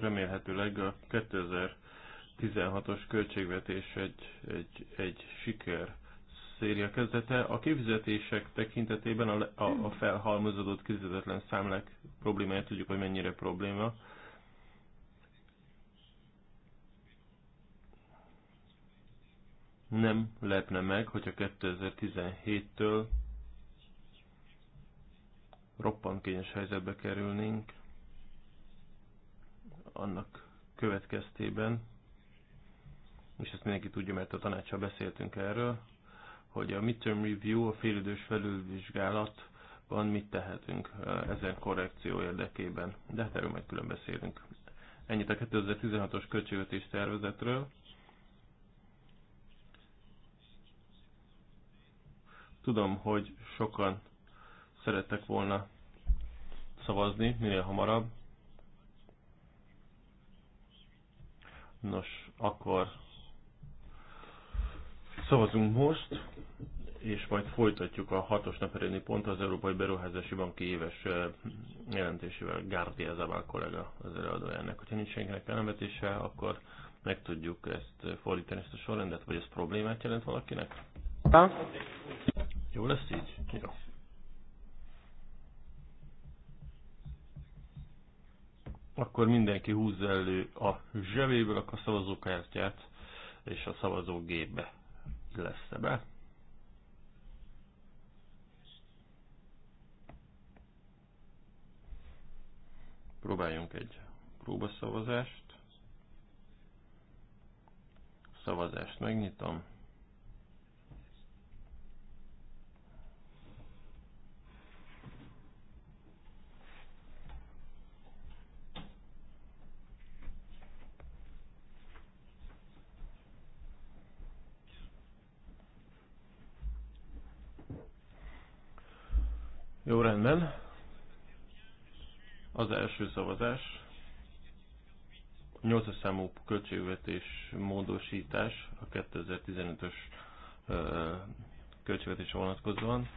remélhetőleg a 2016-os költségvetés egy, egy, egy siker széria kezdete. A kifizetések tekintetében a, a, a felhalmozódott kifizetetlen számlák problémáját tudjuk, hogy mennyire probléma. Nem lepne meg, hogyha 2017-től roppant kényes helyzetbe kerülnénk annak következtében, és ezt mindenki tudja, mert a tanácsa beszéltünk erről, hogy a midterm review, a félidős felülvizsgálat van, mit tehetünk eh, ezen korrekció érdekében. De hát erről majd külön beszélünk. Ennyit a 2016-os költségvetés tervezetről. Tudom, hogy sokan szerettek volna szavazni minél hamarabb, Nos, akkor szavazunk most, és majd folytatjuk a hatos naperéni pont az Európai Beruházási Banki éves jelentésével. a Zabál kollega az előadójának. ennek. Hogyha nincs senkinek elemetése, akkor meg tudjuk ezt fordítani, ezt a sorrendet, vagy ez problémát jelent valakinek? Ha? Jó lesz így? Jó. akkor mindenki húzza elő a zsebéből a szavazókártyát, és a szavazógépbe lesz be. Próbáljunk egy próbaszavazást. Szavazást megnyitom. Jó, rendben. Az első szavazás. 8 számú költségvetés módosítás a 2015-ös költségvetésre vonatkozóan.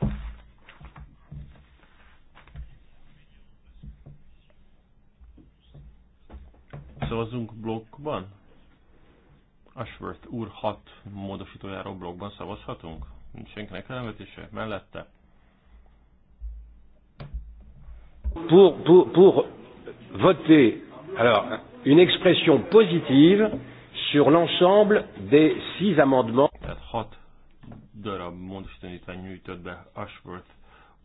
Szavazunk blokkban? Ashworth úr 6 módosítójáról blokkban szavazhatunk? Nincs senkinek elemetése? mellette? Pour, pour, pour voter alors, une expression positive sur l'ensemble des six amendements. Tehát hat darab nyújtott be Ashworth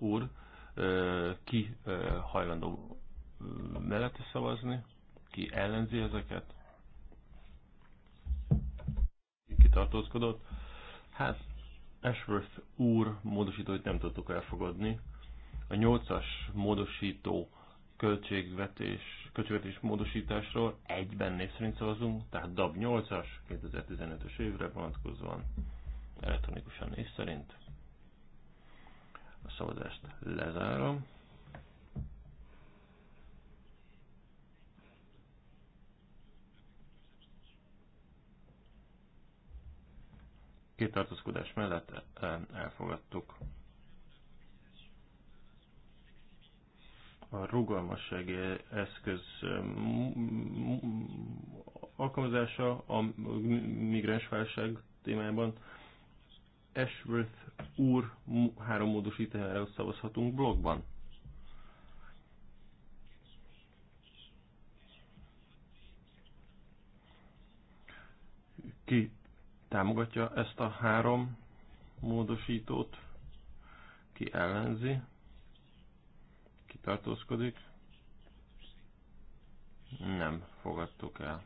úr, ki hajlandó mellette szavazni, ki ellenzi ezeket, ki tartózkodott. Hát Ashworth úr módosítóit nem tudtuk elfogadni, a 8-as módosító költségvetés, költségvetés módosításról egyben név szerint szavazunk, tehát DAB 8-as 2015-ös évre vonatkozóan elektronikusan név szerint. A szavazást lezárom. Két tartózkodás mellett eh, elfogadtuk. a rugalmassági eszköz um, um, alkalmazása a migránsválság témában Ashworth úr három módosítására szavazhatunk blogban. Ki támogatja ezt a három módosítót? Ki ellenzi? tartózkodik. Nem fogadtuk el.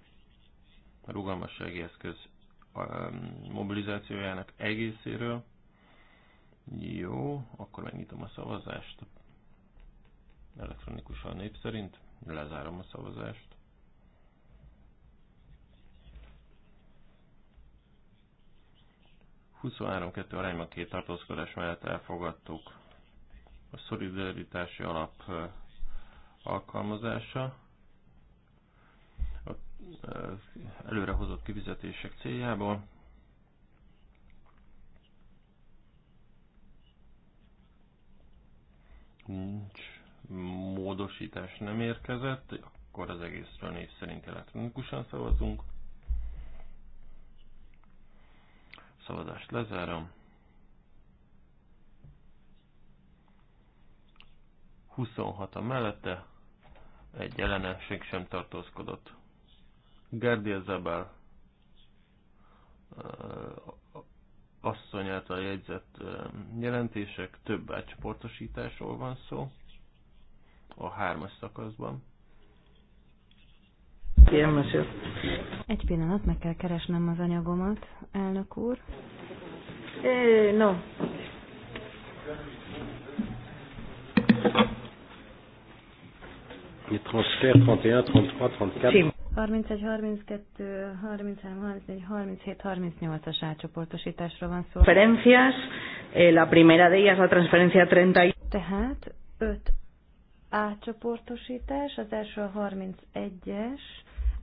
A rugalmassági eszköz mobilizációjának egészéről. Jó, akkor megnyitom a szavazást. Elektronikusan nép szerint lezárom a szavazást. kettő arányban két tartózkodás mellett elfogadtuk a szolidaritási alap alkalmazása a előrehozott kivizetések céljából. Nincs módosítás nem érkezett, akkor az egészről név szerint elektronikusan szavazunk. Szavazást lezárom. 26-a mellette egy ellenesség sem tartózkodott. Gerdi Zabel asszony által jegyzett jelentések több átcsoportosításról van szó a hármas szakaszban. Egy pillanat, meg kell keresnem az anyagomat, elnök úr. É, no. Mi transfer 31, 33, 34. 31, 32, 33, 34, 37, 38-as átcsoportosításról van szó. Transferencias, eh, la primera de ellas la transferencia 30. Tehát 5 átcsoportosítás, az első a 31-es,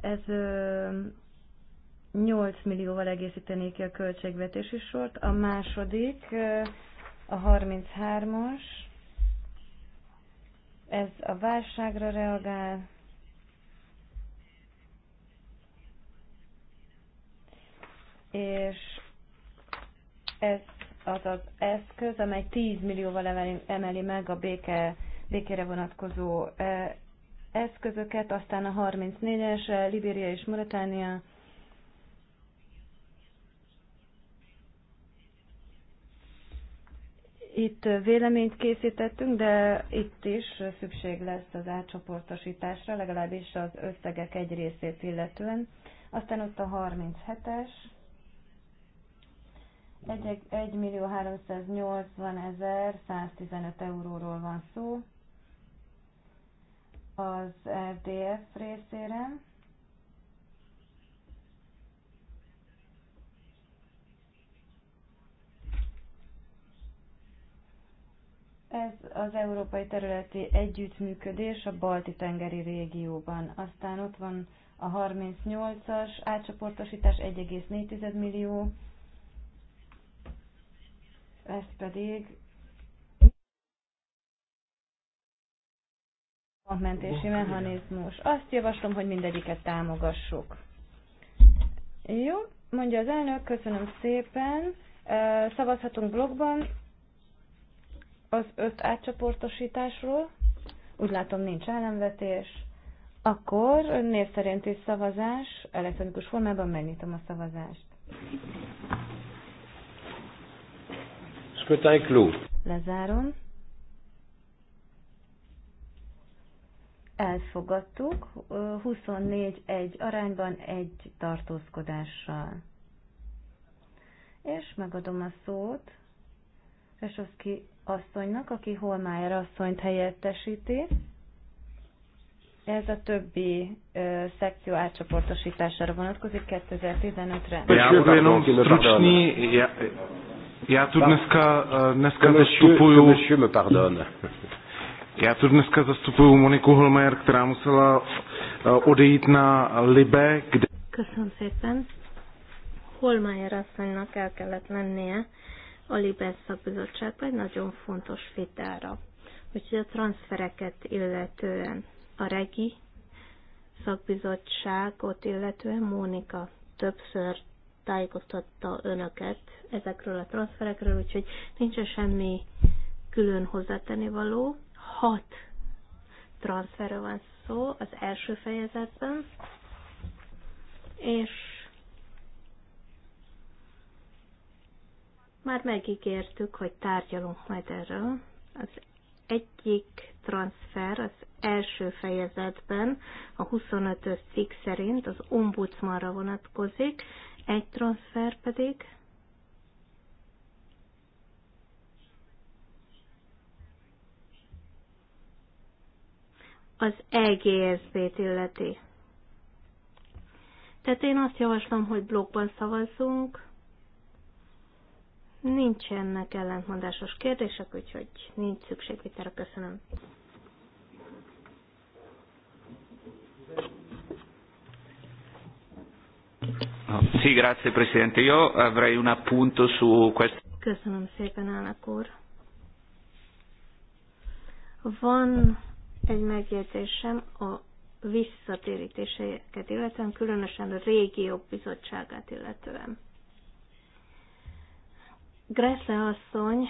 ez 8 millióval egészítené ki a költségvetési sort, a második a 33-as, ez a válságra reagál, és ez az az eszköz, amely 10 millióval emeli, emeli meg a béke, békére vonatkozó eszközöket, aztán a 34-es, Libéria és Mauretánia Itt véleményt készítettünk, de itt is szükség lesz az átcsoportosításra, legalábbis az összegek egy részét illetően. Aztán ott a 37-es, 1.380.115 millió ezer euróról van szó az RDF részére. Ez az európai területi együttműködés a Balti-tengeri régióban. Aztán ott van a 38-as átcsoportosítás 1,4 millió, ez pedig a mentési mechanizmus. Azt javaslom, hogy mindegyiket támogassuk. Jó, mondja az elnök, köszönöm szépen. Szavazhatunk blogban, az öt átcsoportosításról. Úgy látom, nincs ellenvetés. Akkor név szerinti szavazás elektronikus formában megnyitom a szavazást. Scrutin klú. Lezárom. Elfogadtuk 24-1 arányban egy tartózkodással. És megadom a szót Pesovszki asszonynak, aki Holmájer asszonyt helyettesíti. Ez a többi ö, szekció átcsoportosítására vonatkozik 2015-re. Já tu dneska, dneska zastupuju... Já tu dneska zastupuju Moniku Holmer, která musela e, odejít na Libe, kde... Köszönöm szépen. Holmeyer asszonynak el kellett lennie, a Libes szakbizottságban egy nagyon fontos vitára. Úgyhogy a transfereket illetően a regi szakbizottságot illetően Mónika többször tájékoztatta önöket ezekről a transferekről, úgyhogy nincs semmi külön hozzátenni való. Hat transferről van szó az első fejezetben, és Már megígértük, hogy tárgyalunk majd erről. Az egyik transfer az első fejezetben a 25-ös cikk szerint az ombudsmanra vonatkozik, egy transfer pedig az EGSZB-t illeti. Tehát én azt javaslom, hogy blogban szavazzunk, Nincsenek ellentmondásos kérdések, úgyhogy nincs szükség vitára. Köszönöm. Sì, grazie Presidente. Io avrei un appunto su questo. Köszönöm szépen, elnök úr. Van egy megjegyzésem a visszatérítéseket illetően, különösen a régiók bizottságát illetően. Gressle asszony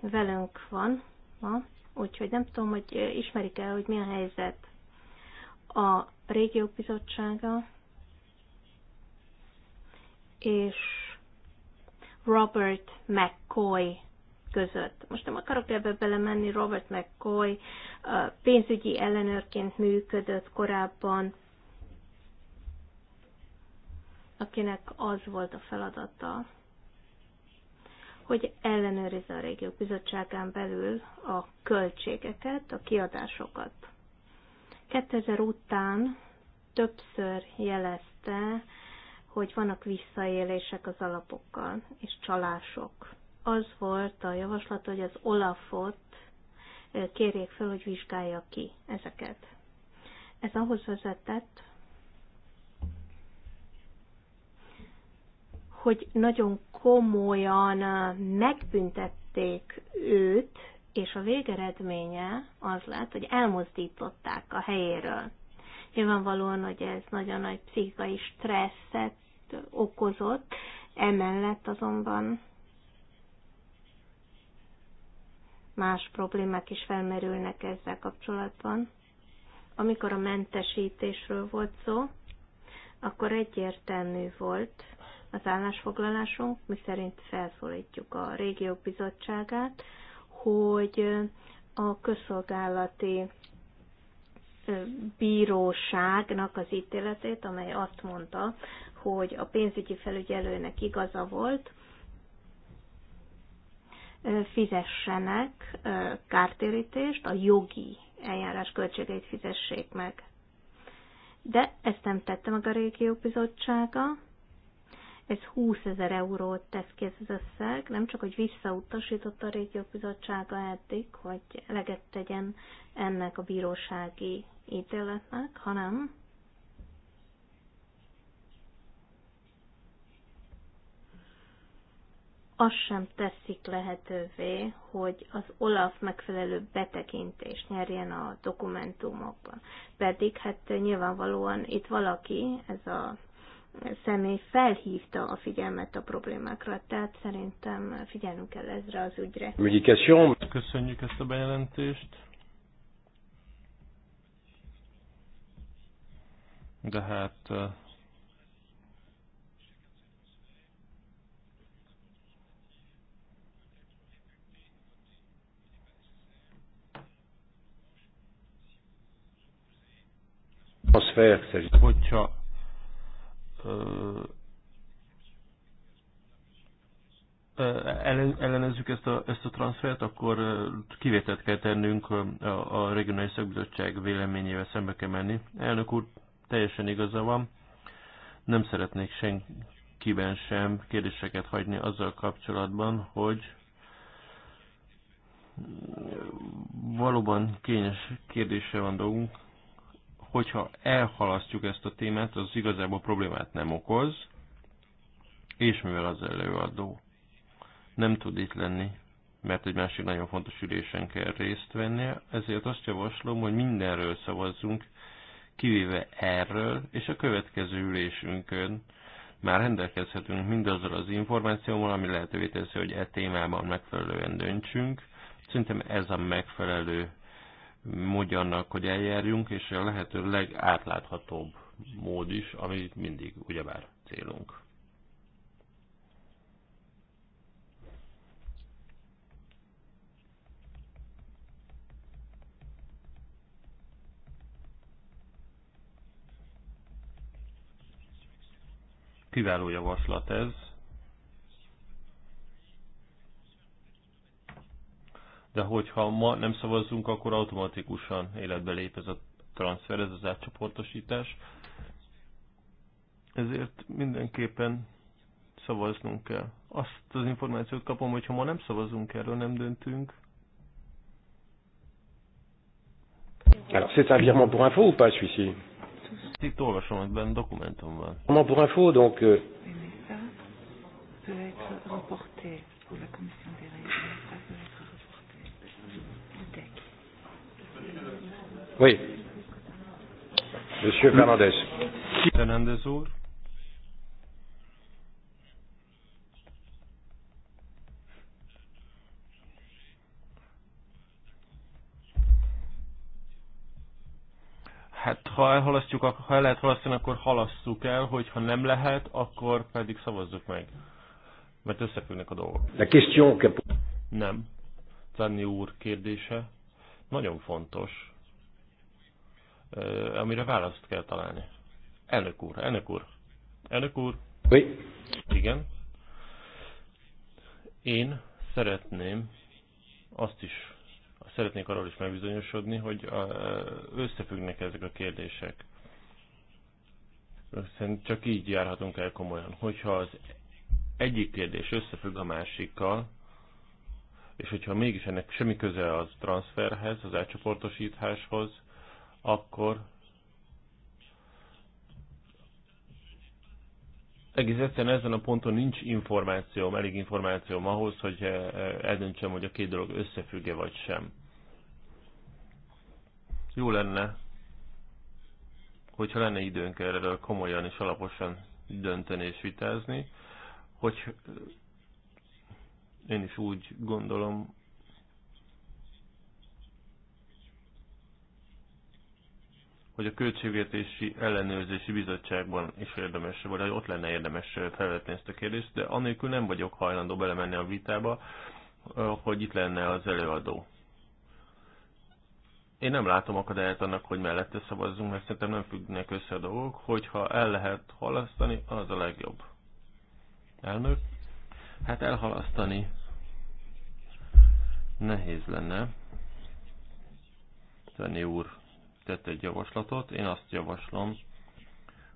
velünk van ma, úgyhogy nem tudom, hogy ismerik el, hogy mi a helyzet. A régiók bizottsága és Robert McCoy között. Most nem akarok ebbe belemenni, Robert McCoy pénzügyi ellenőrként működött korábban, akinek az volt a feladata, hogy ellenőrizze a régiók bizottságán belül a költségeket, a kiadásokat. 2000 után többször jelezte, hogy vannak visszaélések az alapokkal és csalások. Az volt a javaslat, hogy az Olafot kérjék fel, hogy vizsgálja ki ezeket. Ez ahhoz vezetett, hogy nagyon komolyan megbüntették őt, és a végeredménye az lett, hogy elmozdították a helyéről. Nyilvánvalóan, hogy ez nagyon nagy pszichai stresszet okozott, emellett azonban más problémák is felmerülnek ezzel kapcsolatban. Amikor a mentesítésről volt szó, akkor egyértelmű volt, az állásfoglalásunk, mi szerint felszólítjuk a régiók bizottságát, hogy a közszolgálati bíróságnak az ítéletét, amely azt mondta, hogy a pénzügyi felügyelőnek igaza volt, fizessenek kártérítést, a jogi eljárás költségeit fizessék meg. De ezt nem tette meg a régió bizottsága, ez 20 ezer eurót tesz ki ez az összeg, nem csak, hogy visszautasította a régió bizottsága eddig, hogy leget tegyen ennek a bírósági ítéletnek, hanem azt sem teszik lehetővé, hogy az Olaf megfelelő betekintést nyerjen a dokumentumokba. Pedig hát nyilvánvalóan itt valaki, ez a személy felhívta a figyelmet a problémákra, tehát szerintem figyelnünk kell ezre az ügyre. Köszönjük ezt a bejelentést. De hát transfer Hogyha ellenezzük ezt a, ezt a transfert, akkor kivételt kell tennünk a, a regionális szakbizottság véleményével szembe kell menni. Elnök úr, teljesen igaza van. Nem szeretnék senkiben sem kérdéseket hagyni azzal kapcsolatban, hogy valóban kényes kérdése van dolgunk hogyha elhalasztjuk ezt a témát, az igazából problémát nem okoz, és mivel az előadó nem tud itt lenni, mert egy másik nagyon fontos ülésen kell részt vennie, ezért azt javaslom, hogy mindenről szavazzunk, kivéve erről, és a következő ülésünkön már rendelkezhetünk mindazzal az információval, ami lehetővé teszi, hogy e témában megfelelően döntsünk. Szerintem ez a megfelelő módja annak, hogy eljárjunk, és a lehető legátláthatóbb mód is, ami mindig ugyebár célunk. Kiváló javaslat ez, de hogyha ma nem szavazzunk, akkor automatikusan életbe lép ez a transfer, ez az átcsoportosítás. Ezért mindenképpen szavaznunk kell. Azt az információt kapom, hogy ha ma nem szavazunk erről, nem döntünk. Alors c'est un virement pour info ou pas celui-ci Itt olvasom ebben dokumentumban. Virement pour info, donc... Euh... peut être reporté pour la commission des Oui. Monsieur mm. Fernandez. Fernandez úr. Hát ha elhalasztjuk, ha el lehet halasztani, akkor halasszuk el, hogyha nem lehet, akkor pedig szavazzuk meg. Mert összefüggnek a dolgok. De question Nem. Zanni úr kérdése nagyon fontos amire választ kell találni. Elnök úr, elnök úr, elnök úr. Oui. Igen. Én szeretném azt is, szeretnék arról is megbizonyosodni, hogy összefüggnek ezek a kérdések. Szerintem csak így járhatunk el komolyan. Hogyha az egyik kérdés összefügg a másikkal, és hogyha mégis ennek semmi köze az transferhez, az elcsoportosításhoz, akkor egész egyszerűen ezen a ponton nincs információm, elég információm ahhoz, hogy eh, eh, eldöntsem, hogy a két dolog összefügge vagy sem. Jó lenne, hogyha lenne időnk erről komolyan és alaposan dönteni és vitázni, hogy eh, én is úgy gondolom, hogy a Költségvetési Ellenőrzési Bizottságban is érdemes, vagy hogy ott lenne érdemes felvetni ezt a kérdést, de anélkül nem vagyok hajlandó belemenni a vitába, hogy itt lenne az előadó. Én nem látom akadályát annak, hogy mellette szavazzunk, mert szerintem nem függnek össze a dolgok, hogyha el lehet halasztani, az a legjobb. Elnök? Hát elhalasztani nehéz lenne. Tenni úr tett egy javaslatot. Én azt javaslom,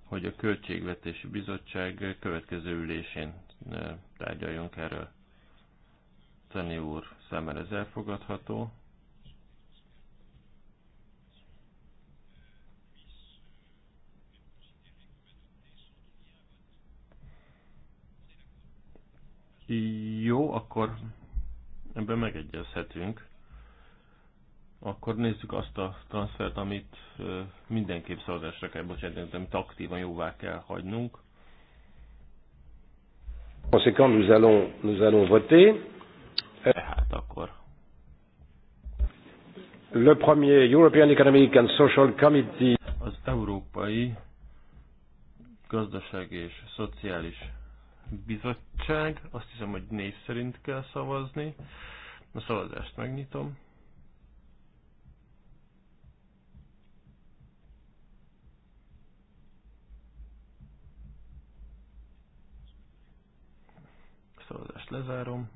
hogy a Költségvetési Bizottság következő ülésén tárgyaljunk erről. Tani úr számára ez elfogadható. Jó, akkor ebben megegyezhetünk. Akkor nézzük azt a transfert, amit mindenképp szavazásra kell bocsátani, amit aktívan jóvá kell hagynunk. Conséquent, nous allons, nous allons voter. Tehát akkor. Le premier European Economic and Social Committee. Az Európai Gazdaság és Szociális Bizottság. Azt hiszem, hogy név szerint kell szavazni. A szavazást megnyitom. szavazást lezárom.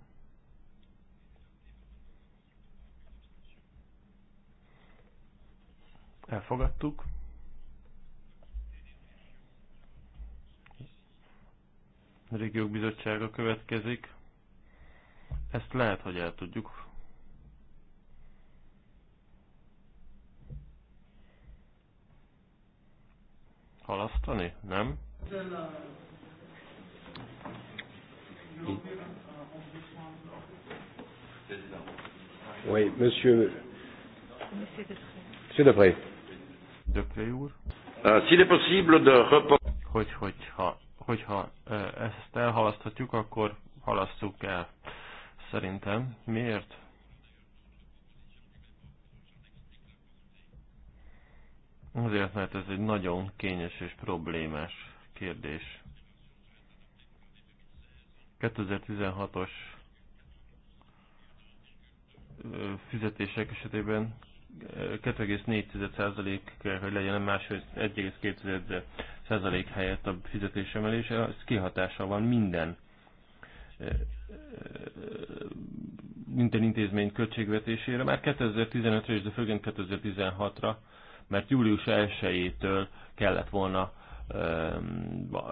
Elfogadtuk. A régiók bizottsága következik. Ezt lehet, hogy el tudjuk halasztani, nem? Oui, monsieur. Monsieur Depré. Depré úr. Ah, s'il est possible de reporter. Hogy, hogyha, hogyha ezt elhalaszthatjuk, akkor halasszuk el. Szerintem. Miért? Azért, mert ez egy nagyon kényes és problémás kérdés. 2016-os fizetések esetében 2,4% kell, hogy legyen máshogy 1,2% helyett a fizetésemelés, ez kihatása van minden minden intézmény költségvetésére, már 2015-re, de főként 2016-ra, mert július 1-től kellett volna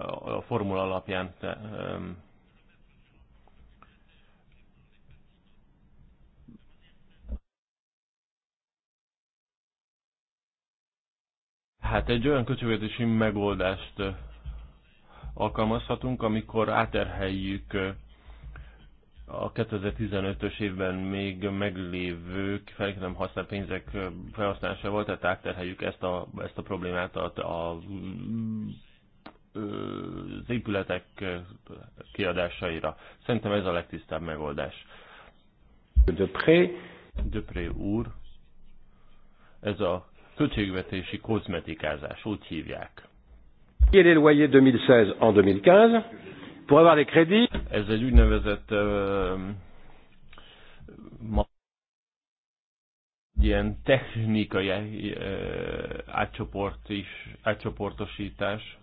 a formula alapján Hát egy olyan költségvetési megoldást alkalmazhatunk, amikor áterheljük a 2015-ös évben még meglévő, fel nem használt pénzek felhasználásával, tehát átterheljük ezt a, ezt a problémát a, a, az épületek kiadásaira. Szerintem ez a legtisztább megoldás. Döpré. Döpré úr, ez a költségvetési kozmetikázás, úgy hívják. Il est 2016 en 2015 pour avoir les crédits. Ez egy úgynevezett uh, ma, ilyen technikai uh, átcsoport átcsoportosítás.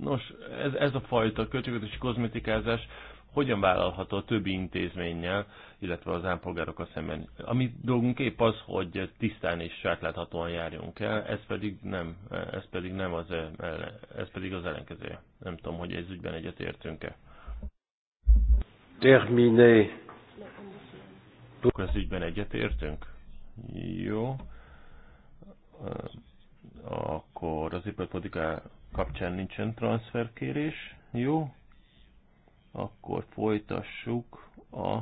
Nos, ez, ez a fajta költségvetési kozmetikázás hogyan vállalható a többi intézménnyel, illetve az állampolgárokkal szemben. A mi dolgunk épp az, hogy tisztán és sátláthatóan járjunk el, ez pedig nem, ez pedig nem az, ez pedig az ellenkezője. Nem tudom, hogy ez ügyben egyetértünk-e. Terminé. Akkor ez ügyben egyetértünk? Jó. Akkor az iparpolitika kapcsán nincsen transferkérés. Jó akkor folytassuk a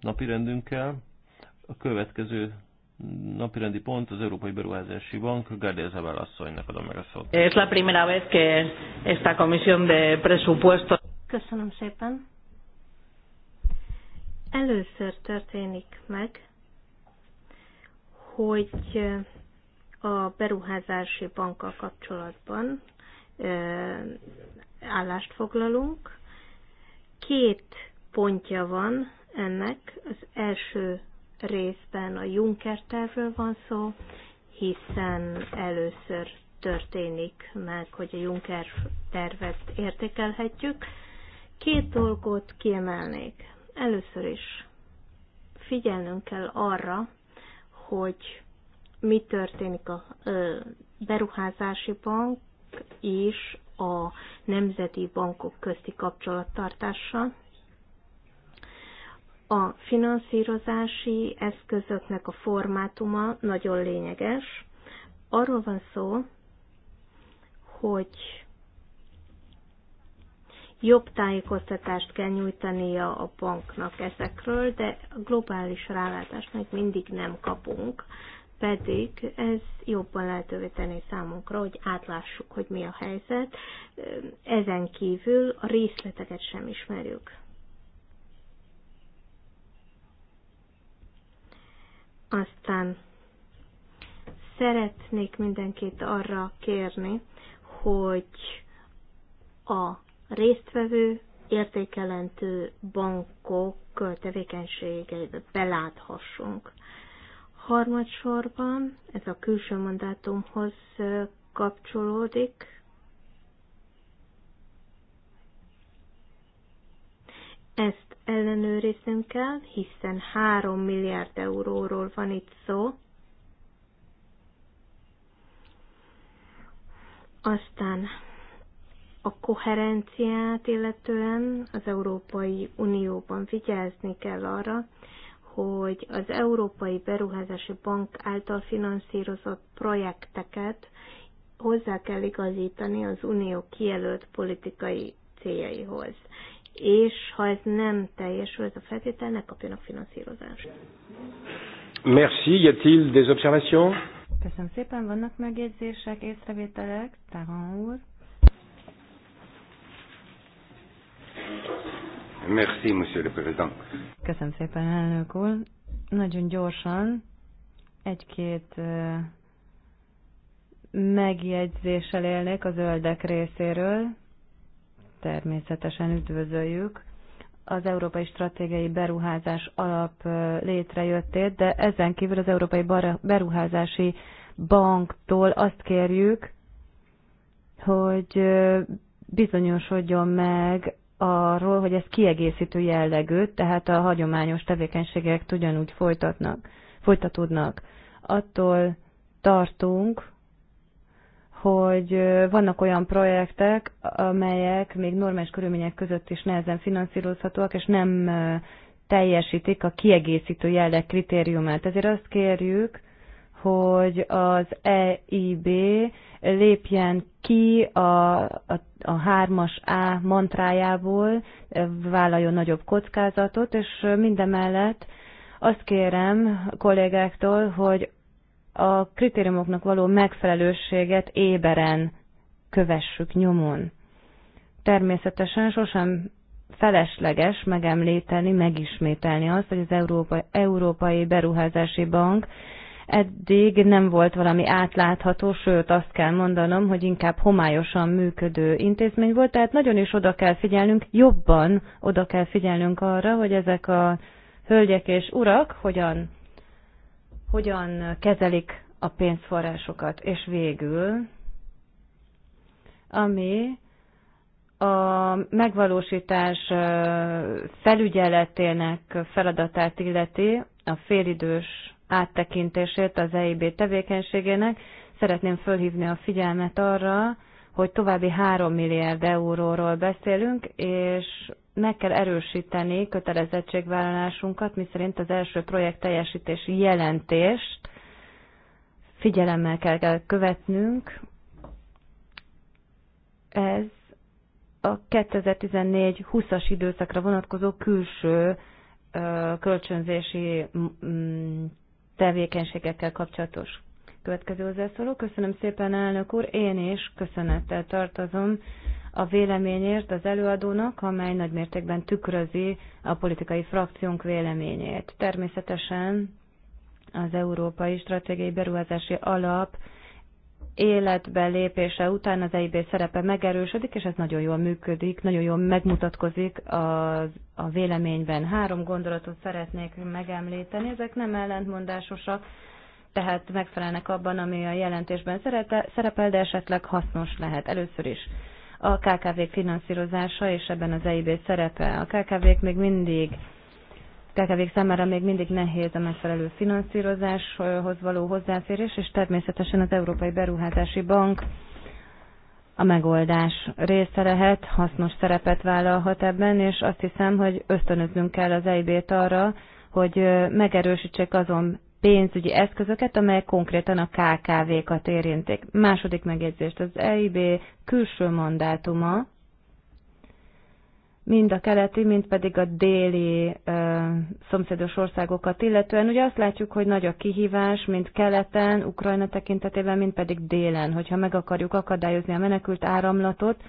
napirendünkkel. A következő napirendi pont az Európai Beruházási Bank, Gárdia Zabál asszonynak adom meg a szót. Es la primera vez que esta comisión de presupuesto... Köszönöm szépen. Először történik meg, hogy a beruházási bankkal kapcsolatban állást foglalunk. Két pontja van ennek. Az első részben a Juncker tervről van szó, hiszen először történik meg, hogy a Juncker tervet értékelhetjük. Két dolgot kiemelnék. Először is figyelnünk kell arra, hogy mi történik a beruházási bank és a nemzeti bankok közti kapcsolattartással. A finanszírozási eszközöknek a formátuma nagyon lényeges. Arról van szó, hogy jobb tájékoztatást kell nyújtania a banknak ezekről, de globális rálátást még mindig nem kapunk pedig ez jobban lehetővé tenni számunkra, hogy átlássuk, hogy mi a helyzet. Ezen kívül a részleteket sem ismerjük. Aztán szeretnék mindenkit arra kérni, hogy a résztvevő értékelentő bankok tevékenységeibe beláthassunk. Harmadsorban ez a külső mandátumhoz kapcsolódik. Ezt ellenőriznünk kell, hiszen 3 milliárd euróról van itt szó. Aztán a koherenciát illetően az Európai Unióban vigyázni kell arra, hogy az Európai Beruházási Bank által finanszírozott projekteket hozzá kell igazítani az unió kijelölt politikai céljaihoz. És ha ez nem teljesül, ez a feltétel, ne kapjanak finanszírozást. Merci. Y a-t-il des observations? Köszönöm szépen. Vannak megjegyzések, észrevételek? Taran úr. Merci, monsieur le président. Köszönöm szépen, elnök úr. Nagyon gyorsan egy-két megjegyzéssel élnék a zöldek részéről. Természetesen üdvözöljük az Európai Stratégiai Beruházás Alap létrejöttét, de ezen kívül az Európai Beruházási Banktól azt kérjük, hogy bizonyosodjon meg arról, hogy ez kiegészítő jellegű, tehát a hagyományos tevékenységek ugyanúgy folytatnak, folytatódnak. Attól tartunk, hogy vannak olyan projektek, amelyek még normális körülmények között is nehezen finanszírozhatóak, és nem teljesítik a kiegészítő jelleg kritériumát. Ezért azt kérjük, hogy az EIB lépjen ki a, a, a hármas A mantrájából, vállaljon nagyobb kockázatot, és mindemellett azt kérem kollégáktól, hogy a kritériumoknak való megfelelőséget éberen kövessük nyomon. Természetesen sosem felesleges megemlíteni, megismételni azt, hogy az Európa, Európai Beruházási Bank eddig nem volt valami átlátható, sőt azt kell mondanom, hogy inkább homályosan működő intézmény volt, tehát nagyon is oda kell figyelnünk, jobban oda kell figyelnünk arra, hogy ezek a hölgyek és urak hogyan, hogyan kezelik a pénzforrásokat. És végül, ami a megvalósítás felügyeletének feladatát illeti, a félidős áttekintését az EIB tevékenységének. Szeretném fölhívni a figyelmet arra, hogy további 3 milliárd euróról beszélünk, és meg kell erősíteni kötelezettségvállalásunkat, miszerint az első projekt teljesítési jelentést figyelemmel kell, kell követnünk. Ez a 2014-20-as időszakra vonatkozó külső kölcsönzési tevékenységekkel kapcsolatos. Következő hozzászóló. Köszönöm szépen, elnök úr. Én is köszönettel tartozom a véleményért az előadónak, amely nagymértékben tükrözi a politikai frakciónk véleményét. Természetesen az Európai Stratégiai Beruházási Alap életbe lépése után az EIB szerepe megerősödik, és ez nagyon jól működik, nagyon jól megmutatkozik a, a véleményben. Három gondolatot szeretnék megemlíteni, ezek nem ellentmondásosak, tehát megfelelnek abban, ami a jelentésben szerepel, de esetleg hasznos lehet. Először is a KKV finanszírozása és ebben az EIB szerepe. A KKV-k még mindig kkv számára még mindig nehéz a megfelelő finanszírozáshoz való hozzáférés, és természetesen az Európai Beruházási Bank a megoldás része lehet, hasznos szerepet vállalhat ebben, és azt hiszem, hogy ösztönöznünk kell az EIB-t arra, hogy megerősítsék azon pénzügyi eszközöket, amelyek konkrétan a KKV-kat érintik. Második megjegyzést, az EIB külső mandátuma mind a keleti, mind pedig a déli ö, szomszédos országokat illetően. Ugye azt látjuk, hogy nagy a kihívás, mind keleten, Ukrajna tekintetében, mind pedig délen. Hogyha meg akarjuk akadályozni a menekült áramlatot,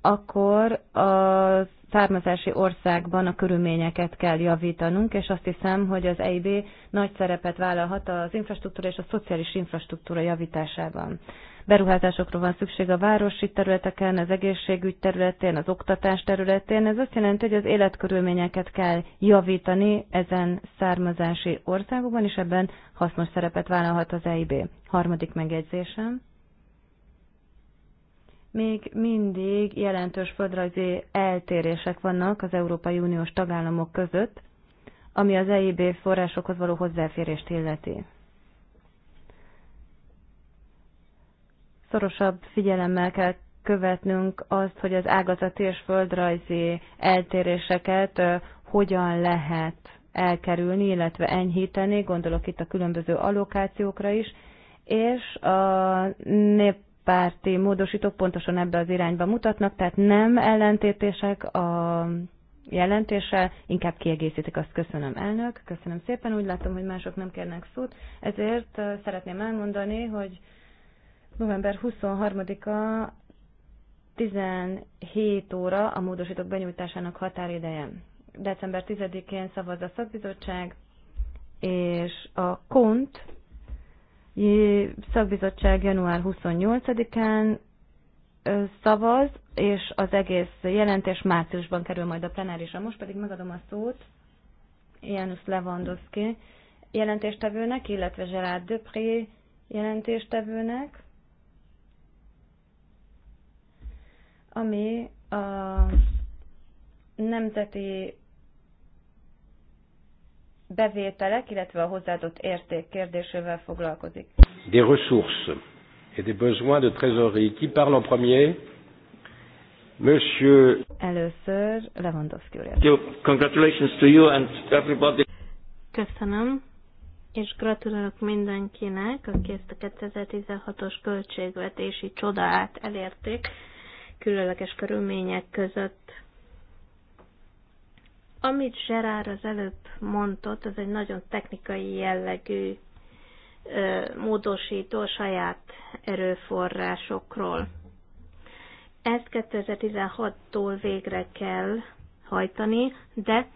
akkor a származási országban a körülményeket kell javítanunk, és azt hiszem, hogy az EIB nagy szerepet vállalhat az infrastruktúra és a szociális infrastruktúra javításában beruházásokra van szükség a városi területeken, az egészségügy területén, az oktatás területén. Ez azt jelenti, hogy az életkörülményeket kell javítani ezen származási országokban, és ebben hasznos szerepet vállalhat az EIB. Harmadik megjegyzésem még mindig jelentős földrajzi eltérések vannak az Európai Uniós tagállamok között, ami az EIB forrásokhoz való hozzáférést illeti. Szorosabb figyelemmel kell követnünk azt, hogy az ágazati és földrajzi eltéréseket hogyan lehet elkerülni, illetve enyhíteni, gondolok itt a különböző allokációkra is, és a párti módosítók pontosan ebbe az irányba mutatnak, tehát nem ellentétések a jelentése, inkább kiegészítik azt. Köszönöm, elnök, köszönöm szépen, úgy látom, hogy mások nem kérnek szót, ezért szeretném elmondani, hogy November 23-a 17 óra a módosítók benyújtásának határideje. December 10-én szavaz a szakbizottság, és a KONT szakbizottság január 28-án szavaz, és az egész jelentés márciusban kerül majd a plenárisra. Most pedig megadom a szót Janusz Lewandowski jelentéstevőnek, illetve Gerard Döpré jelentéstevőnek. ami a nemzeti bevételek, illetve a hozzáadott érték kérdésével foglalkozik. Des ressources et des besoins de trésorerie. Qui parle en premier? Monsieur... Először Lewandowski úr. Congratulations to you and everybody. Köszönöm, és gratulálok mindenkinek, aki ezt a 2016-os költségvetési csodát elérték különleges körülmények között. Amit Gerard az előbb mondott, az egy nagyon technikai jellegű módosító saját erőforrásokról. Ezt 2016-tól végre kell hajtani, de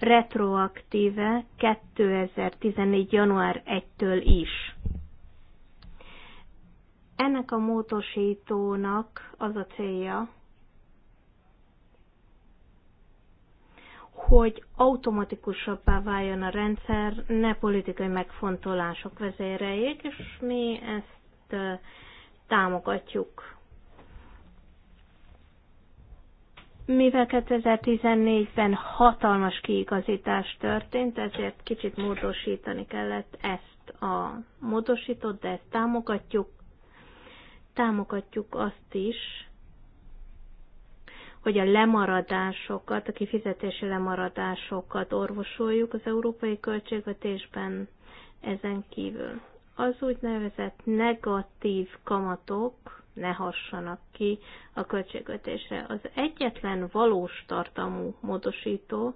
retroaktíve 2014. január 1-től is. Ennek a módosítónak az a célja, hogy automatikusabbá váljon a rendszer, ne politikai megfontolások vezéreljék, és mi ezt támogatjuk. Mivel 2014-ben hatalmas kiigazítás történt, ezért kicsit módosítani kellett ezt a módosítót, de ezt támogatjuk támogatjuk azt is, hogy a lemaradásokat, a kifizetési lemaradásokat orvosoljuk az európai költségvetésben ezen kívül. Az úgynevezett negatív kamatok ne hassanak ki a költségvetésre. Az egyetlen valós tartalmú módosító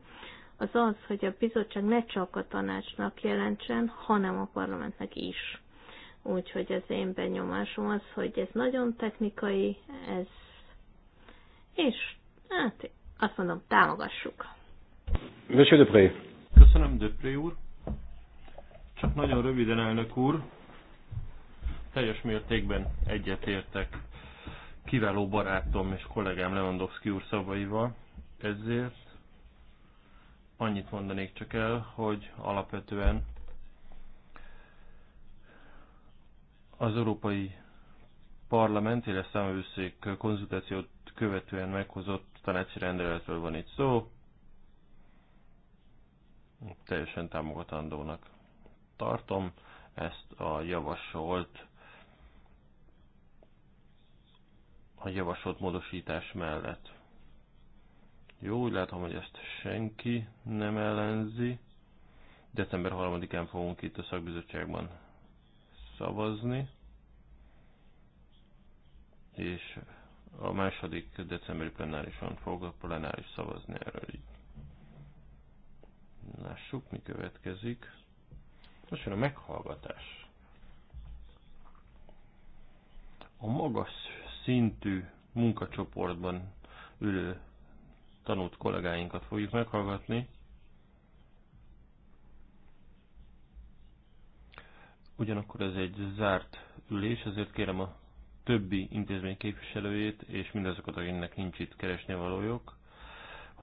az az, hogy a bizottság ne csak a tanácsnak jelentsen, hanem a parlamentnek is. Úgyhogy az én benyomásom az, hogy ez nagyon technikai, ez, és hát azt mondom, támogassuk. Monsieur Depré. Köszönöm, Depré úr. Csak nagyon röviden, elnök úr. Teljes mértékben egyetértek kiváló barátom és kollégám Lewandowski úr szavaival, ezért annyit mondanék csak el, hogy alapvetően Az Európai Parlament, illetve számövőszék konzultációt követően meghozott tanácsi rendeletről van itt szó. Teljesen támogatandónak tartom ezt a javasolt a javasolt módosítás mellett. Jó, úgy látom, hogy ezt senki nem ellenzi. December 3-án fogunk itt a szakbizottságban szavazni, és a második decemberi plenárison fog a plenáris szavazni erről így. Lássuk, mi következik. Most jön a meghallgatás. A magas szintű munkacsoportban ülő tanult kollégáinkat fogjuk meghallgatni, Ugyanakkor ez egy zárt ülés, ezért kérem a többi intézmény képviselőjét és mindazokat, akiknek nincs itt keresni valójuk,